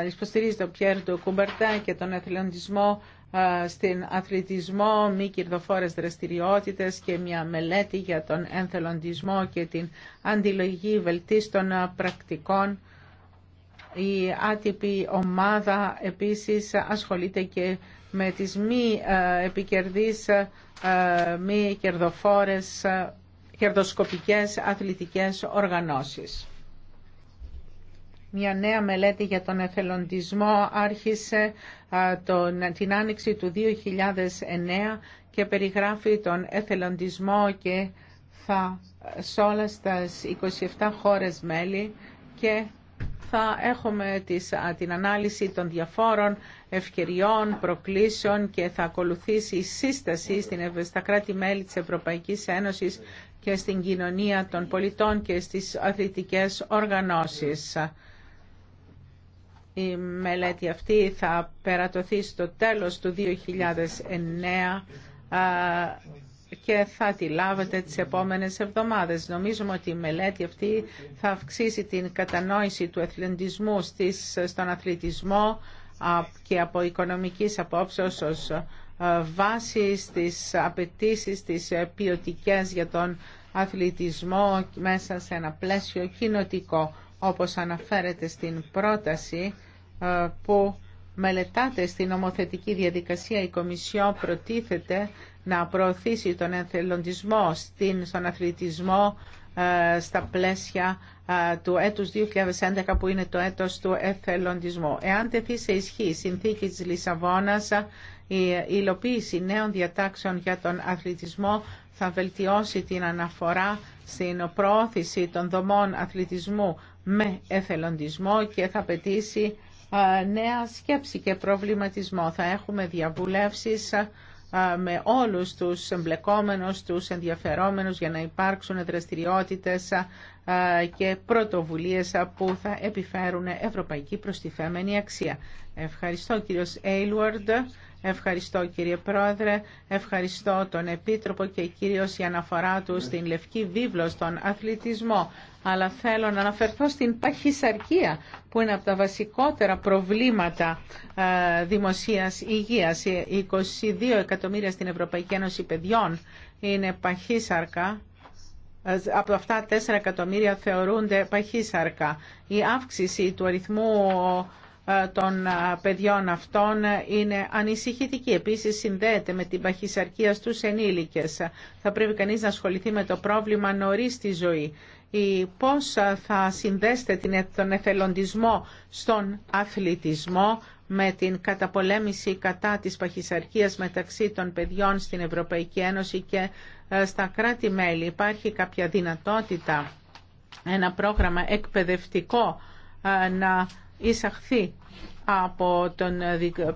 ε, υποστηρίζει τον Πιέρ του Κουμπερτά και τον εθελοντισμό στην αθλητισμό, μη κερδοφόρες δραστηριότητες και μια μελέτη για τον ενθελοντισμό και την αντιλογή βελτίστων πρακτικών. Η άτυπη ομάδα επίσης ασχολείται και με τις μη επικερδείς, μη κερδοφόρες, κερδοσκοπικές αθλητικές οργανώσεις. Μια νέα μελέτη για τον εθελοντισμό άρχισε τον, την άνοιξη του 2009 και περιγράφει τον εθελοντισμό και θα σε όλα 27 χώρες μέλη και θα έχουμε τις, την ανάλυση των διαφόρων ευκαιριών, προκλήσεων και θα ακολουθήσει η σύσταση στην, στα κράτη-μέλη της Ευρωπαϊκής Ένωσης και στην κοινωνία των πολιτών και στις αθλητικές οργανώσεις. Η μελέτη αυτή θα περατωθεί στο τέλος του 2009 και θα τη λάβετε τις επόμενες εβδομάδες. Νομίζουμε ότι η μελέτη αυτή θα αυξήσει την κατανόηση του εθλεντισμού στον αθλητισμό και από οικονομικής απόψεως ως βάση στις απαιτήσει τις ποιοτικέ για τον αθλητισμό μέσα σε ένα πλαίσιο κοινοτικό. Όπως αναφέρεται στην πρόταση, ε, που μελετάται στην νομοθετική διαδικασία η Κομισιό προτίθεται να προωθήσει τον εθελοντισμό στην, στον αθλητισμό ε, στα πλαίσια ε, του έτους 2011 που είναι το έτος του εθελοντισμού. Εάν τεθεί σε ισχύ η συνθήκη της Λισαβόνας, η υλοποίηση νέων διατάξεων για τον αθλητισμό θα βελτιώσει την αναφορά στην προώθηση των δομών αθλητισμού με εθελοντισμό και θα νέα σκέψη και προβληματισμό. Θα έχουμε διαβουλεύσεις με όλους τους εμπλεκόμενους, τους ενδιαφερόμενους για να υπάρξουν δραστηριότητες και πρωτοβουλίες που θα επιφέρουν ευρωπαϊκή προστιθέμενη αξία. Ευχαριστώ κύριος Έιλουαρντ, ευχαριστώ κύριε Πρόεδρε, ευχαριστώ τον Επίτροπο και κυρίως η αναφορά του στην Λευκή Βίβλο, στον αθλητισμό. Αλλά θέλω να αναφερθώ στην παχυσαρκία που είναι από τα βασικότερα προβλήματα ε, δημοσίας υγείας. 22 ε, εκατομμύρια στην Ευρωπαϊκή Ένωση Παιδιών είναι παχύσαρκα ε, από αυτά 4 εκατομμύρια θεωρούνται παχύσαρκα. Η αύξηση του αριθμού ε, των ε, παιδιών αυτών είναι ανησυχητική. Επίσης συνδέεται με την παχυσαρκία στους ενήλικες. Θα πρέπει κανείς να ασχοληθεί με το πρόβλημα νωρίς στη ζωή. Ή πώς θα συνδέσετε τον εθελοντισμό στον αθλητισμό με την καταπολέμηση κατά της παχυσαρκίας μεταξύ των παιδιών στην Ευρωπαϊκή Ένωση και ε, στα κράτη-μέλη. Υπάρχει κάποια δυνατότητα ένα πρόγραμμα εκπαιδευτικό να εισαχθεί από, τον,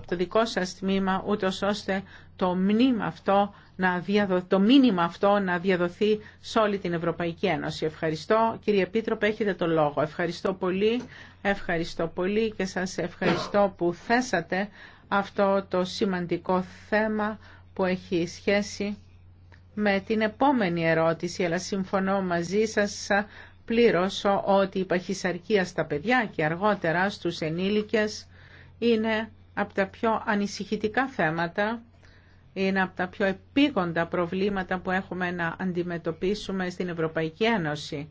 το δικό σας τμήμα, ούτω ώστε το, μνήμα αυτό να το μήνυμα αυτό να διαδοθεί σε όλη την Ευρωπαϊκή Ένωση. Ευχαριστώ. Κύριε Επίτροπε, έχετε το λόγο. Ευχαριστώ πολύ, ευχαριστώ πολύ και σας ευχαριστώ που θέσατε αυτό το σημαντικό θέμα που έχει σχέση με την επόμενη ερώτηση, αλλά συμφωνώ μαζί σας Πλήρωσω ότι η παχυσαρκία στα παιδιά και αργότερα στους ενήλικες είναι από τα πιο ανησυχητικά θέματα, είναι από τα πιο επίγοντα προβλήματα που έχουμε να αντιμετωπίσουμε στην Ευρωπαϊκή Ένωση.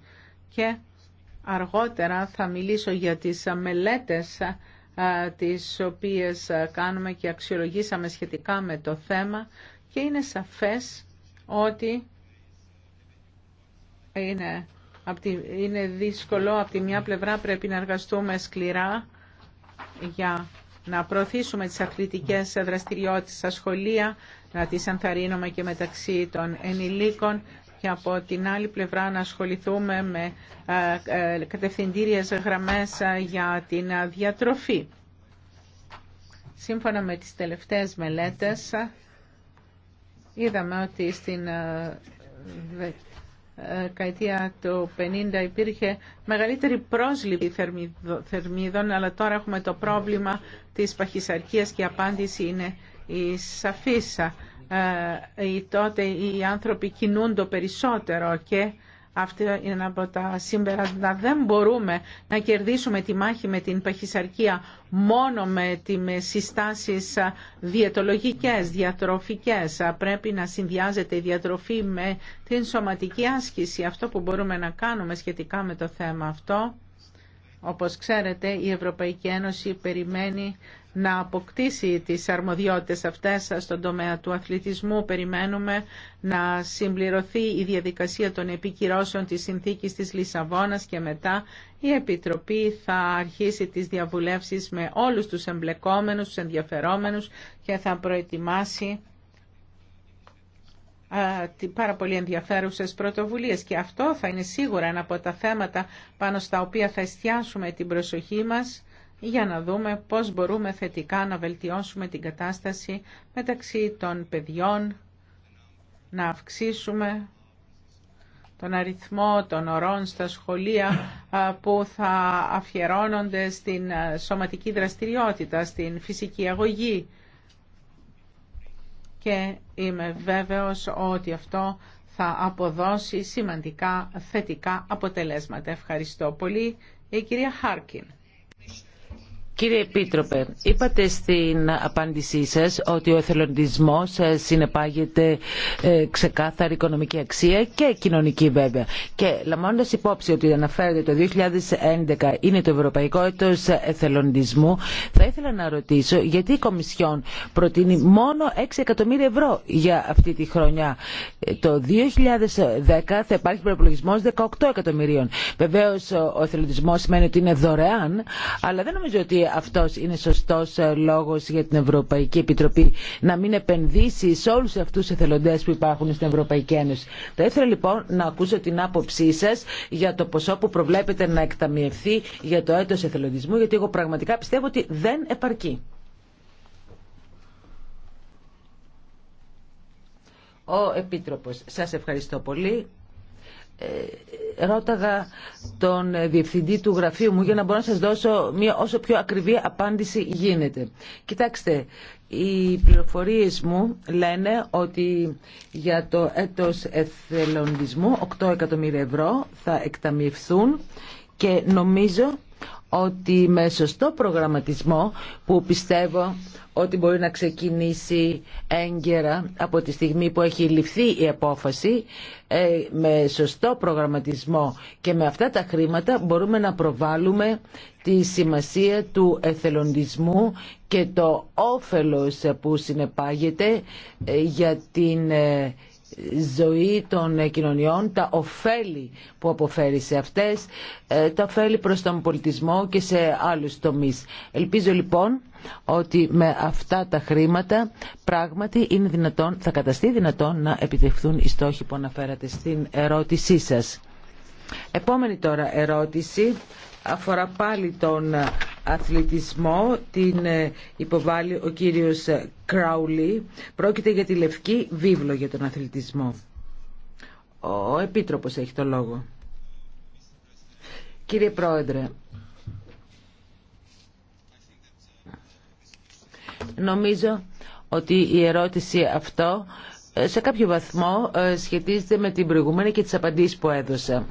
Και αργότερα θα μιλήσω για τις μελέτες τις οποίες κάνουμε και αξιολογήσαμε σχετικά με το θέμα και είναι σαφές ότι είναι είναι δύσκολο. Από τη μια πλευρά πρέπει να εργαστούμε σκληρά για να προωθήσουμε τις αθλητικές δραστηριότητες στα σχολεία, να τις ανθαρρύνουμε και μεταξύ των ενηλίκων και από την άλλη πλευρά να ασχοληθούμε με ε, ε, κατευθυντήριες γραμμές ε, για την διατροφή. Σύμφωνα με τις τελευταίες μελέτες, είδαμε ότι στην καετία του 50 υπήρχε μεγαλύτερη πρόσληψη θερμίδων, αλλά τώρα έχουμε το πρόβλημα της παχυσαρκίας και η απάντηση είναι η σαφίσα. Ε, τότε οι άνθρωποι το περισσότερο και αυτό είναι ένα από τα συμπεράσματα. Δεν μπορούμε να κερδίσουμε τη μάχη με την παχυσαρκία μόνο με συστάσεις διαιτολογικές, διατροφικές. Πρέπει να συνδυάζεται η διατροφή με την σωματική άσκηση. Αυτό που μπορούμε να κάνουμε σχετικά με το θέμα αυτό. Όπως ξέρετε, η Ευρωπαϊκή Ένωση περιμένει να αποκτήσει τις αρμοδιότητες αυτές στον τομέα του αθλητισμού. Περιμένουμε να συμπληρωθεί η διαδικασία των επικυρώσεων της συνθήκης της Λισαβόνας και μετά η Επιτροπή θα αρχίσει τις διαβουλεύσεις με όλους τους εμπλεκόμενους, τους ενδιαφερόμενους και θα προετοιμάσει πάρα πολύ ενδιαφέρουσες πρωτοβουλίες και αυτό θα είναι σίγουρα ένα από τα θέματα πάνω στα οποία θα εστιάσουμε την προσοχή μας για να δούμε πώς μπορούμε θετικά να βελτιώσουμε την κατάσταση μεταξύ των παιδιών, να αυξήσουμε τον αριθμό των ωρών στα σχολεία που θα αφιερώνονται στην σωματική δραστηριότητα, στην φυσική αγωγή. Και είμαι βέβαιος ότι αυτό θα αποδώσει σημαντικά θετικά αποτελέσματα. Ευχαριστώ πολύ. Η κυρία Χάρκιν. Κύριε Επίτροπε, είπατε στην απάντησή σας ότι ο εθελοντισμός ε, συνεπάγεται ε, ξεκάθαρη οικονομική αξία και κοινωνική βέβαια. Και λαμβάνοντας υπόψη ότι αναφέρεται το 2011 είναι το Ευρωπαϊκό Έτος Εθελοντισμού, θα ήθελα να ρωτήσω γιατί η Κομισιόν προτείνει μόνο 6 εκατομμύρια ευρώ για αυτή τη χρονιά. Ε, το 2010 θα υπάρχει προπολογισμός 18 εκατομμυρίων. Βεβαίως ο εθελοντισμός σημαίνει ότι είναι δωρεάν, αλλά δεν νομίζω ότι αυτό αυτός είναι σωστός ε, λόγος για την Ευρωπαϊκή Επιτροπή να μην επενδύσει σε όλους αυτούς τους εθελοντές που υπάρχουν στην Ευρωπαϊκή Ένωση. Θα ήθελα λοιπόν να ακούσω την άποψή σας για το ποσό που προβλέπετε να εκταμιευθεί για το έτος εθελοντισμού, γιατί εγώ πραγματικά πιστεύω ότι δεν επαρκεί. Ο Επίτροπος, σας ευχαριστώ πολύ ρώταγα τον διευθυντή του γραφείου μου για να μπορώ να σας δώσω μια όσο πιο ακριβή απάντηση γίνεται. Κοιτάξτε, οι πληροφορίες μου λένε ότι για το έτος εθελοντισμού 8 εκατομμύρια ευρώ θα εκταμιευθούν και νομίζω ότι με σωστό προγραμματισμό που πιστεύω ότι μπορεί να ξεκινήσει έγκαιρα από τη στιγμή που έχει ληφθεί η απόφαση ε, με σωστό προγραμματισμό και με αυτά τα χρήματα μπορούμε να προβάλλουμε τη σημασία του εθελοντισμού και το όφελος που συνεπάγεται ε, για την ε, ζωή των ε, κοινωνιών, τα ωφέλη που αποφέρει σε αυτές, ε, τα ωφέλη προς τον πολιτισμό και σε άλλους τομείς. Ελπίζω λοιπόν ότι με αυτά τα χρήματα πράγματι είναι δυνατόν, θα καταστεί δυνατόν να επιτευχθούν οι στόχοι που αναφέρατε στην ερώτησή σας. Επόμενη τώρα ερώτηση αφορά πάλι τον ε, αθλητισμό την ε, υποβάλλει ο κύριος ε, Κράουλη. Πρόκειται για τη Λευκή Βίβλο για τον αθλητισμό. Ο Επίτροπος έχει το λόγο. Κύριε Πρόεδρε, νομίζω ότι η ερώτηση αυτό ε, σε κάποιο βαθμό σχετίζεται με την προηγούμενη και τις απαντήσεις που έδωσα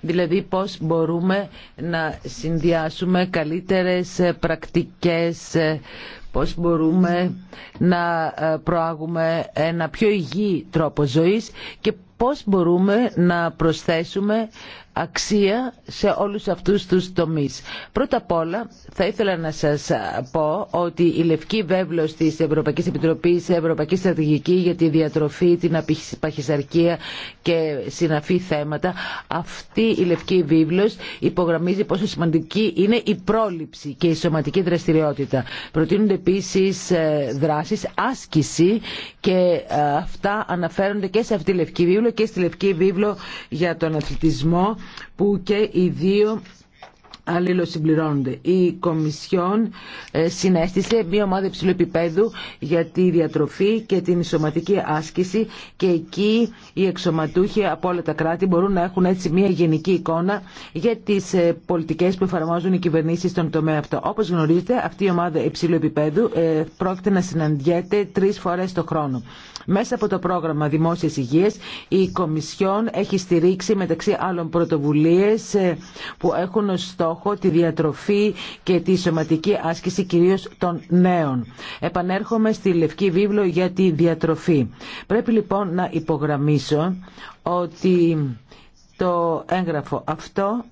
δηλαδή πώς μπορούμε να συνδυάσουμε καλύτερες πρακτικές, πώς μπορούμε να ε, προάγουμε ένα πιο υγιή τρόπο ζωής και πώς μπορούμε να προσθέσουμε αξία σε όλους αυτούς τους τομείς. Πρώτα απ' όλα θα ήθελα να σας πω ότι η Λευκή Βέβλος της Ευρωπαϊκής Επιτροπής, Ευρωπαϊκή Στρατηγική για τη Διατροφή, την Παχυσαρκία και συναφή θέματα, αυτή η Λευκή Βίβλος υπογραμμίζει πόσο σημαντική είναι η πρόληψη και η σωματική δραστηριότητα. Προτείνονται επίσης ε, δράσεις, άσκηση και ε, αυτά αναφέρονται και σε αυτή τη Λευκή Βίβλο και στη Λευκή Βίβλο για τον αθλητισμό που και οι δύο αλληλοσυμπληρώνονται. Η Κομισιόν ε, συνέστησε μία ομάδα υψηλού επίπεδου για τη διατροφή και την σωματική άσκηση και εκεί οι εξωματούχοι από όλα τα κράτη μπορούν να έχουν έτσι μία γενική εικόνα για τις ε, πολιτικές που εφαρμόζουν οι κυβερνήσεις στον τομέα αυτό. Όπως γνωρίζετε αυτή η ομάδα υψηλού επίπεδου ε, πρόκειται να συναντιέται τρεις φορές το χρόνο. Μέσα από το πρόγραμμα Δημόσιας Υγείας η Κομισιόν έχει στηρίξει μεταξύ άλλων πρωτοβουλίες ε, που έχουν ως στόχο τη διατροφή και τη σωματική άσκηση κυρίως των νέων. Επανέρχομαι στη Λευκή Βίβλο για τη διατροφή. Πρέπει λοιπόν να υπογραμμίσω ότι το έγγραφο αυτό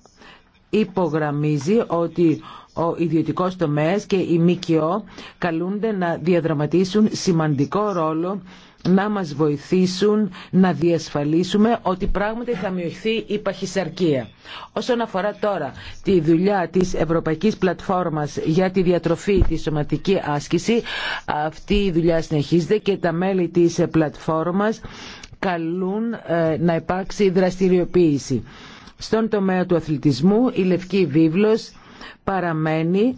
υπογραμμίζει ότι ο ιδιωτικός τομέας και η ΜΚΟ καλούνται να διαδραματίσουν σημαντικό ρόλο να μας βοηθήσουν να διασφαλίσουμε ότι πράγματι θα μειωθεί η παχυσαρκία. Όσον αφορά τώρα τη δουλειά της Ευρωπαϊκής Πλατφόρμας για τη διατροφή τη σωματική άσκηση, αυτή η δουλειά συνεχίζεται και τα μέλη της πλατφόρμας καλούν ε, να υπάρξει δραστηριοποίηση. Στον τομέα του αθλητισμού η Λευκή Βίβλος παραμένει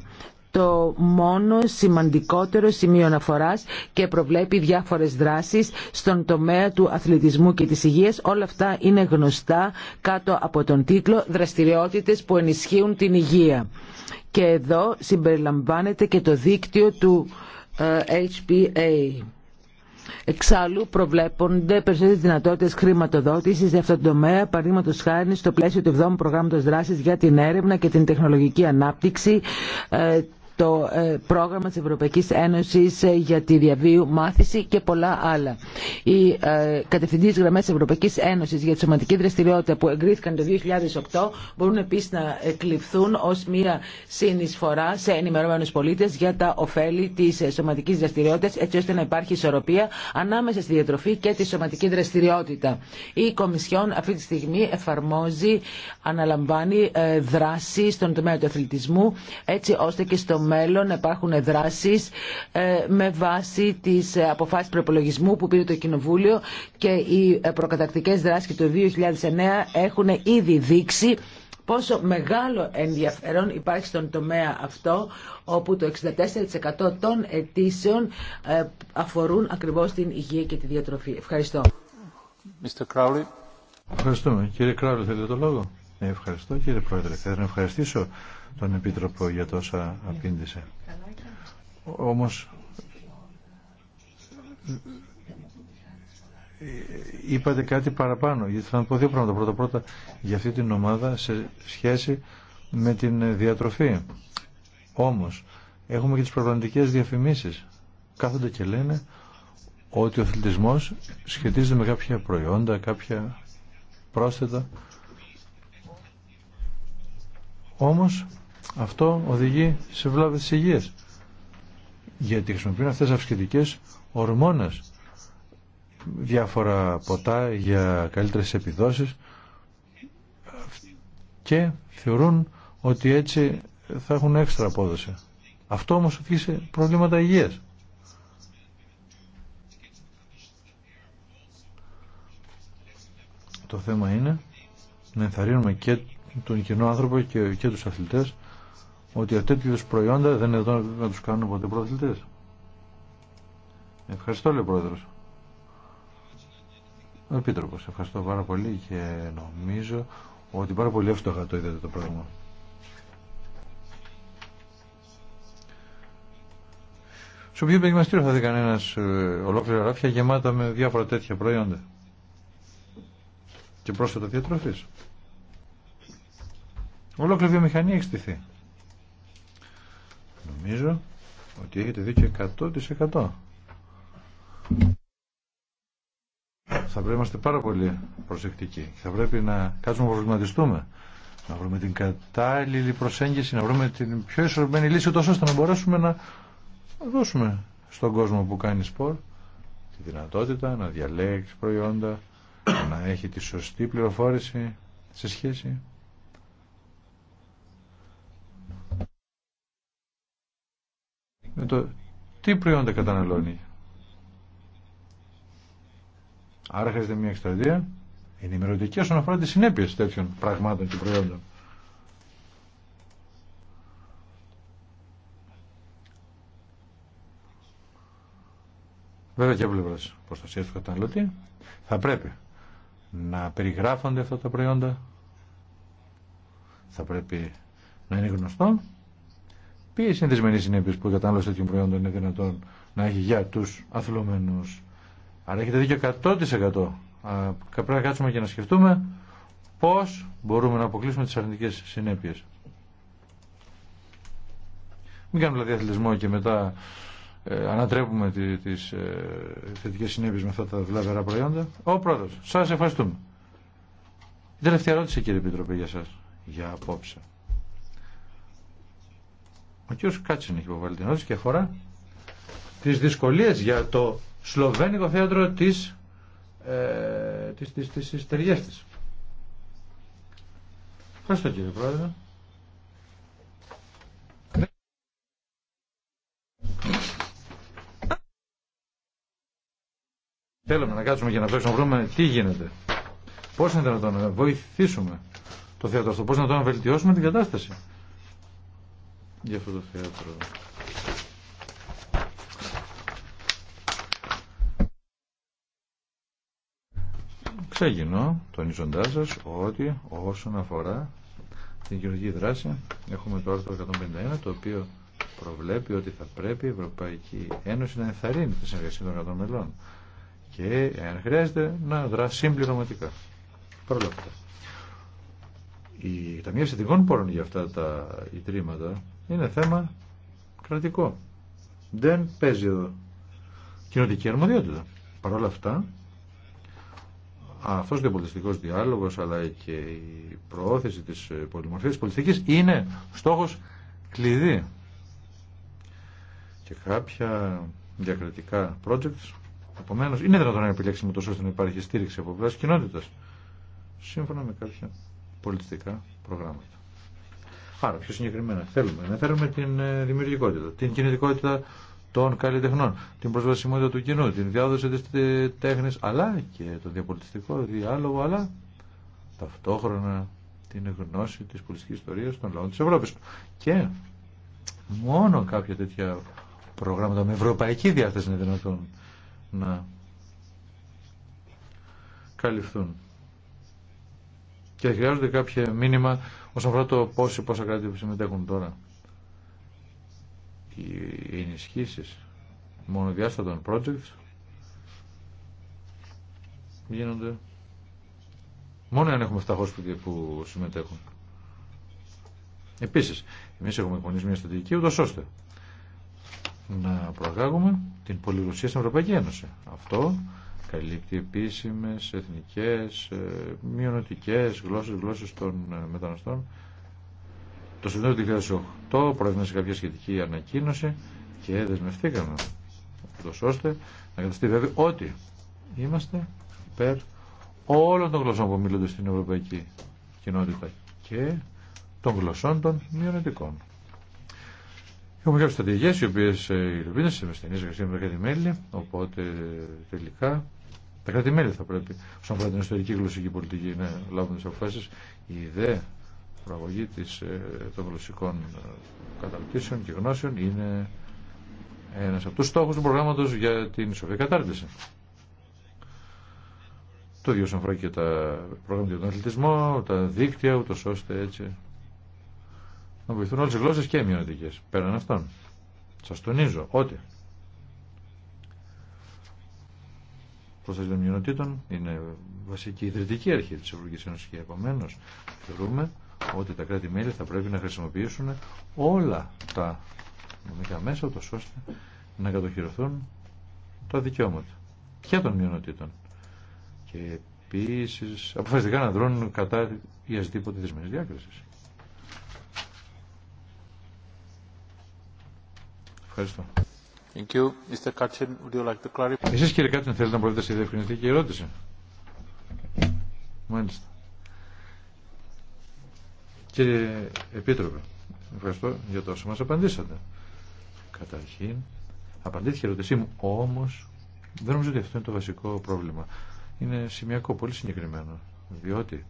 το μόνο σημαντικότερο σημείο αναφοράς και προβλέπει διάφορες δράσεις στον τομέα του αθλητισμού και της υγείας. Όλα αυτά είναι γνωστά κάτω από τον τίτλο «Δραστηριότητες που ενισχύουν την υγεία». Και εδώ συμπεριλαμβάνεται και το δίκτυο του ε, HPA. Εξάλλου προβλέπονται περισσότερες δυνατότητες χρηματοδότησης σε αυτό τον τομέα, παρήματος χάρη στο πλαίσιο του 7ου προγράμματο δράση για την έρευνα και την τεχνολογική ανάπτυξη, ε, το ε, πρόγραμμα της Ευρωπαϊκής Ένωσης ε, για τη διαβίου μάθηση και πολλά άλλα. Οι ε, κατευθυντήριες γραμμές της Ευρωπαϊκής Ένωσης για τη σωματική δραστηριότητα που εγκρίθηκαν το 2008 μπορούν επίσης να εκλειφθούν ως μια συνεισφορά σε ενημερωμένους πολίτες για τα ωφέλη της ε, σωματικής δραστηριότητας έτσι ώστε να υπάρχει ισορροπία ανάμεσα στη διατροφή και τη σωματική δραστηριότητα. Η Κομισιόν αυτή τη στιγμή εφαρμόζει, αναλαμβάνει δράση στον τομέα του αθλητισμού έτσι ώστε και στο μέλλον υπάρχουν δράσεις ε, με βάση τις ε, αποφάσεις προπολογισμού που πήρε το Κοινοβούλιο και οι ε, προκατακτικές δράσεις του 2009 έχουν ήδη δείξει πόσο μεγάλο ενδιαφέρον υπάρχει στον τομέα αυτό, όπου το 64% των αιτήσεων αφορούν ακριβώς την υγεία και τη διατροφή. Ευχαριστώ. Mr. Crowley. Ευχαριστούμε. Κύριε Κράουλη, θέλετε το λόγο. ευχαριστώ κύριε Πρόεδρε. Θέλω να ευχαριστήσω τον Επίτροπο για τόσα απήντησε. Όμως είπατε κάτι παραπάνω, γιατί θα πω δύο πράγματα. Πρώτα πρώτα για αυτή την ομάδα σε σχέση με την διατροφή. Όμως έχουμε και τις προβληματικές διαφημίσεις. Κάθονται και λένε ότι ο αθλητισμός σχετίζεται με κάποια προϊόντα, κάποια πρόσθετα. Όμως αυτό οδηγεί σε βλάβες της υγείας. Γιατί χρησιμοποιούν αυτές τις ορμόνες. Διάφορα ποτά για καλύτερες επιδόσεις και θεωρούν ότι έτσι θα έχουν έξτρα απόδοση. Αυτό όμως οδηγεί σε προβλήματα υγείας. Το θέμα είναι να ενθαρρύνουμε και τον κοινό άνθρωπο και, και τους αθλητές ότι τέτοιου προϊόντα δεν είναι εδώ να τους κάνουν ποτέ προαθλητές. Ευχαριστώ, λέει ο Πρόεδρος. Ο Επίτροπος, ευχαριστώ πάρα πολύ και νομίζω ότι πάρα πολύ εύστοχα το είδατε το πράγμα. Στο οποίο παιδιμαστήριο θα δει κανένα ε, ολόκληρα ράφια γεμάτα με διάφορα τέτοια προϊόντα. Και πρόσθετα διατροφή. Ολόκληρη βιομηχανία έχει στηθεί Νομίζω ότι έχετε δίκιο 100%. Θα πρέπει να είμαστε πάρα πολύ προσεκτικοί. Θα πρέπει να κάτσουμε να προβληματιστούμε. Να βρούμε την κατάλληλη προσέγγιση, να βρούμε την πιο ισορροπημένη λύση, τόσο ώστε να μπορέσουμε να δώσουμε στον κόσμο που κάνει σπορ τη δυνατότητα να διαλέξει προϊόντα, να έχει τη σωστή πληροφόρηση σε σχέση με το τι προϊόντα καταναλώνει. Άρα χρειάζεται μια εκστρατεία ενημερωτική όσον αφορά τις συνέπειες τέτοιων πραγμάτων και προϊόντων. Βέβαια και από πλευρά προστασία του καταναλωτή θα πρέπει να περιγράφονται αυτά τα προϊόντα, θα πρέπει να είναι γνωστό ποιε είναι δυσμενεί συνέπειε που η κατανάλωση τέτοιων προϊόντων είναι δυνατόν να έχει για του αθλωμένου. Άρα έχετε δίκιο 100%. πρέπει να κάτσουμε και να σκεφτούμε πώ μπορούμε να αποκλείσουμε τι αρνητικέ συνέπειε. Μην κάνουμε δηλαδή αθλητισμό και μετά ε, ανατρέπουμε τι ε, θετικέ συνέπειε με αυτά τα βλαβερά προϊόντα. Ο πρόεδρο, σα ευχαριστούμε. Η τελευταία ερώτηση, κύριε Επιτροπή, για σας, για απόψε. Ο κ. Κάτσιν έχει υποβάλει την και αφορά τις δυσκολίες για το σλοβένικο θέατρο της, ε, της, της, της, της της. Ευχαριστώ κύριε Πρόεδρε. Θέλουμε να κάτσουμε και να πρέπει να βρούμε τι γίνεται. Πώς να βοηθήσουμε το θέατρο αυτό, πώς να βελτιώσουμε την κατάσταση για αυτό το θέατρο. Ξεκινώ τονίζοντά σα ότι όσον αφορά την κοινωνική δράση έχουμε το άρθρο 151 το οποίο προβλέπει ότι θα πρέπει η Ευρωπαϊκή Ένωση να ενθαρρύνει τη συνεργασία των κρατών μελών και αν χρειάζεται να δράσει συμπληρωματικά. Παρ' αυτά. Η ταμεία ειδικών πόρων για αυτά τα ιδρύματα είναι θέμα κρατικό. Δεν παίζει εδώ κοινωτική αρμοδιότητα. Παρ' όλα αυτά, αυτός ο πολιτιστικό διάλογος αλλά και η προώθηση της πολυμορφίας πολιτικής είναι στόχος κλειδί. Και κάποια διακριτικά projects, επομένω, είναι δυνατόν να επιλέξουμε τόσο ώστε να υπάρχει στήριξη από πλευρά κοινότητα σύμφωνα με κάποια πολιτιστικά προγράμματα. Άρα, πιο συγκεκριμένα, θέλουμε να φέρουμε την ε, δημιουργικότητα, την κινητικότητα των καλλιτεχνών, την προσβασιμότητα του κοινού, την διάδοση της τέχνης, αλλά και το διαπολιτιστικό διάλογο, αλλά ταυτόχρονα την γνώση της πολιτικής ιστορίας των λαών της Ευρώπης. Και μόνο κάποια τέτοια προγράμματα με ευρωπαϊκή διάθεση είναι δυνατόν να καλυφθούν. Και χρειάζονται κάποια μήνυμα Όσον αφορά το πόσοι, πόσα κράτη που συμμετέχουν τώρα, οι ενισχύσει μονοδιάστατων projects γίνονται μόνο αν έχουμε 700 που συμμετέχουν. Επίσης, εμείς έχουμε εκπονήσει μια στρατηγική ούτως ώστε να προαγάγουμε την πολυγλωσία στην Ευρωπαϊκή Ένωση. Αυτό καλύπτει επίσημε, εθνικέ, ε, μειονοτικές γλώσσε, γλώσσε των ε, μεταναστών. Το συνέδριο 2008 προέβηνε κάποια σχετική ανακοίνωση και δεσμευτήκαμε ώστε να καταστεί βέβαιο ότι είμαστε υπέρ όλων των γλωσσών που μιλούνται στην ευρωπαϊκή κοινότητα και των γλωσσών των μειονοτικών. Έχουμε κάποιε στρατηγικέ οι οποίε ε, υλοποιούνται σε στενή εργασία με τα μέλη, οπότε τελικά τα κράτη-μέλη θα πρέπει, όσον αφορά την ιστορική γλωσσική πολιτική, να λάβουν τι αποφάσει. Η ιδέα προαγωγή της, ε, των γλωσσικών ε, καταρτήσεων και γνώσεων είναι ένας από τους στόχου του προγράμματος για την σοφή κατάρτιση. Το ίδιο αφορά και τα προγράμματα για τον αθλητισμό, τα δίκτυα, ούτω ώστε έτσι να βοηθούν όλε οι γλώσσε και οι μειονοτικέ Πέραν αυτών. Σας τονίζω ότι προστασία των μειονοτήτων είναι βασική ιδρυτική αρχή της Ευρωπαϊκής Ένωσης και επομένω θεωρούμε ότι τα κράτη-μέλη θα πρέπει να χρησιμοποιήσουν όλα τα νομικά μέσα ούτως ώστε να κατοχυρωθούν τα δικαιώματα και των μειονοτήτων και επίση αποφασιστικά να δρώνουν κατά ή ασδήποτε διάκριση. Ευχαριστώ. Εσείς κύριε Κάτσιν θέλετε να προβείτε σε η ερώτηση. Μάλιστα. Κύριε Επίτροπε, ευχαριστώ για το όσο μας απαντήσατε. Καταρχήν, απαντήθηκε η ερώτησή μου, όμως δεν νομίζω ότι αυτό είναι το βασικό πρόβλημα. Είναι σημειακό, πολύ συγκεκριμένο, διότι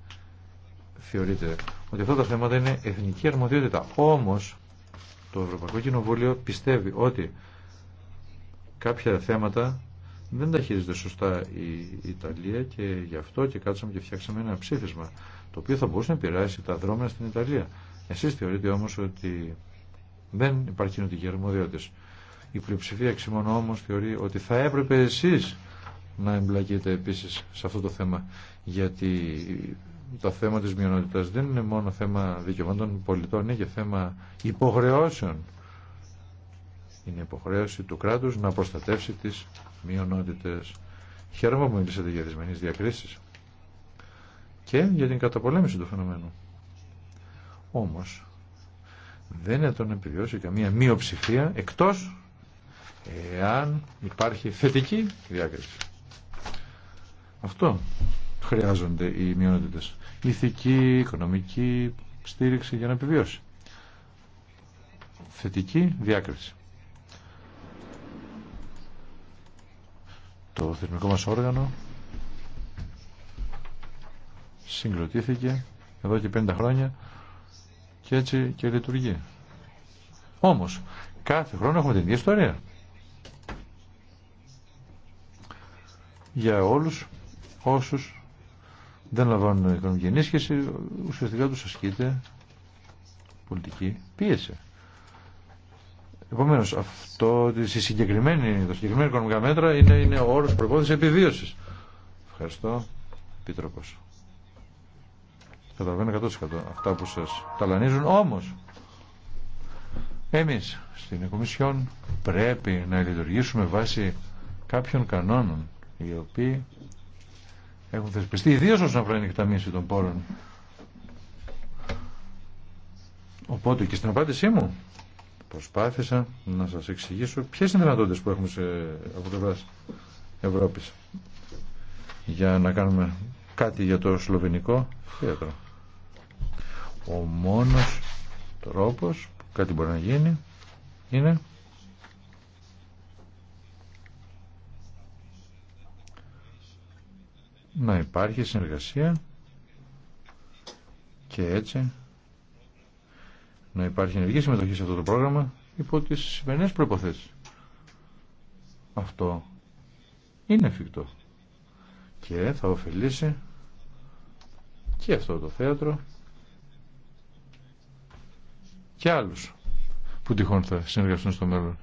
θεωρείται ότι αυτά τα θέματα είναι εθνική αρμοδιότητα. Όμως, το Ευρωπαϊκό Κοινοβούλιο πιστεύει ότι κάποια θέματα δεν τα χειρίζεται σωστά η Ιταλία και γι' αυτό και κάτσαμε και φτιάξαμε ένα ψήφισμα το οποίο θα μπορούσε να επηρεάσει τα δρόμενα στην Ιταλία. Εσείς θεωρείτε όμως ότι δεν υπάρχει νοτική αρμοδιότητα. Η πλειοψηφία εξημών όμως θεωρεί ότι θα έπρεπε εσείς να εμπλακείτε επίσης σε αυτό το θέμα γιατί το θέμα της μειονότητας δεν είναι μόνο θέμα δικαιωμάτων πολιτών, είναι και θέμα υποχρεώσεων είναι υποχρέωση του κράτους να προστατεύσει τις μειονότητες. Χαίρομαι που μιλήσατε για δυσμενείς διακρίσεις και για την καταπολέμηση του φαινομένου. Όμως, δεν είναι το να επιβιώσει καμία μειοψηφία εκτός εάν υπάρχει θετική διάκριση. Αυτό χρειάζονται οι μειονότητες. Ηθική, οικονομική στήριξη για να επιβιώσει. Θετική διάκριση. το θεσμικό μας όργανο συγκροτήθηκε εδώ και 50 χρόνια και έτσι και λειτουργεί. Όμως, κάθε χρόνο έχουμε την ίδια ιστορία. Για όλους όσους δεν λαμβάνουν οικονομική ενίσχυση, ουσιαστικά τους ασκείται πολιτική πίεση. Επομένω, αυτό στη συγκεκριμένη, τα συγκεκριμένα οικονομικά μέτρα είναι, είναι ο όρο προπόθεση επιβίωση. Ευχαριστώ, Επίτροπο. Καταλαβαίνω 100% αυτά που σα ταλανίζουν. Όμω, εμεί στην Κομισιόν πρέπει να λειτουργήσουμε βάσει κάποιων κανόνων οι οποίοι έχουν θεσπιστεί, ιδίω όσον αφορά την εκταμίευση των πόρων. Οπότε και στην απάντησή μου προσπάθησα να σας εξηγήσω ποιες είναι οι δυνατότητες που έχουμε σε, από Ευρώπη Ευρώπης για να κάνουμε κάτι για το σλοβενικό θέατρο. Ο μόνος τρόπος που κάτι μπορεί να γίνει είναι να υπάρχει συνεργασία και έτσι να υπάρχει ενεργή συμμετοχή σε αυτό το πρόγραμμα υπό τι σημερινέ προποθέσει. Αυτό είναι εφικτό και θα ωφελήσει και αυτό το θέατρο και άλλους που τυχόν θα συνεργαστούν στο μέλλον.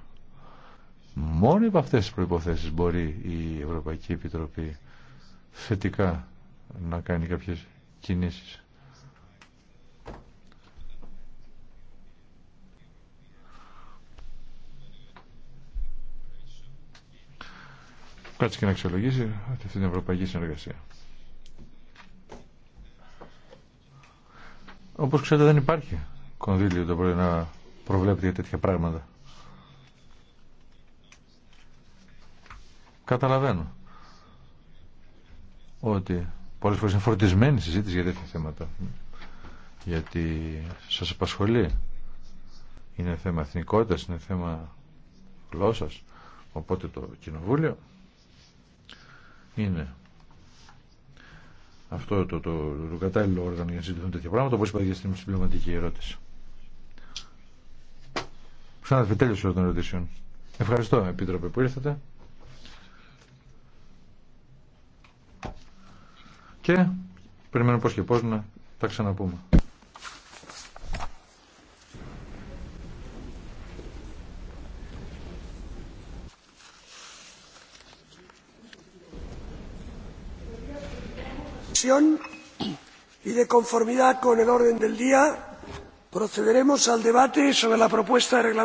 Μόνο από αυτές τις προϋποθέσεις μπορεί η Ευρωπαϊκή Επιτροπή θετικά να κάνει κάποιες κινήσεις. Κάτσε και να αξιολογήσει αυτή την ευρωπαϊκή συνεργασία. Όπως ξέρετε δεν υπάρχει κονδύλιο το μπορεί να προβλέπετε για τέτοια πράγματα. Καταλαβαίνω ότι πολλές φορές είναι φορτισμένη συζήτηση για τέτοια θέματα. Γιατί σας απασχολεί. Είναι θέμα εθνικότητας, είναι θέμα γλώσσας. Οπότε το κοινοβούλιο είναι αυτό το, το, το, το κατάλληλο όργανο για να συζητηθούν τέτοια πράγματα, όπως είπα και στην συμπληρωματική ερώτηση. Ξαναδεύτε τέλειωσε των ερωτήσεων. Ευχαριστώ, Επίτροπε, που ήρθατε. Και περιμένω πώς και πώς να τα ξαναπούμε. comisión y de conformidad con el orden del día procederemos al debate sobre la propuesta de reglamento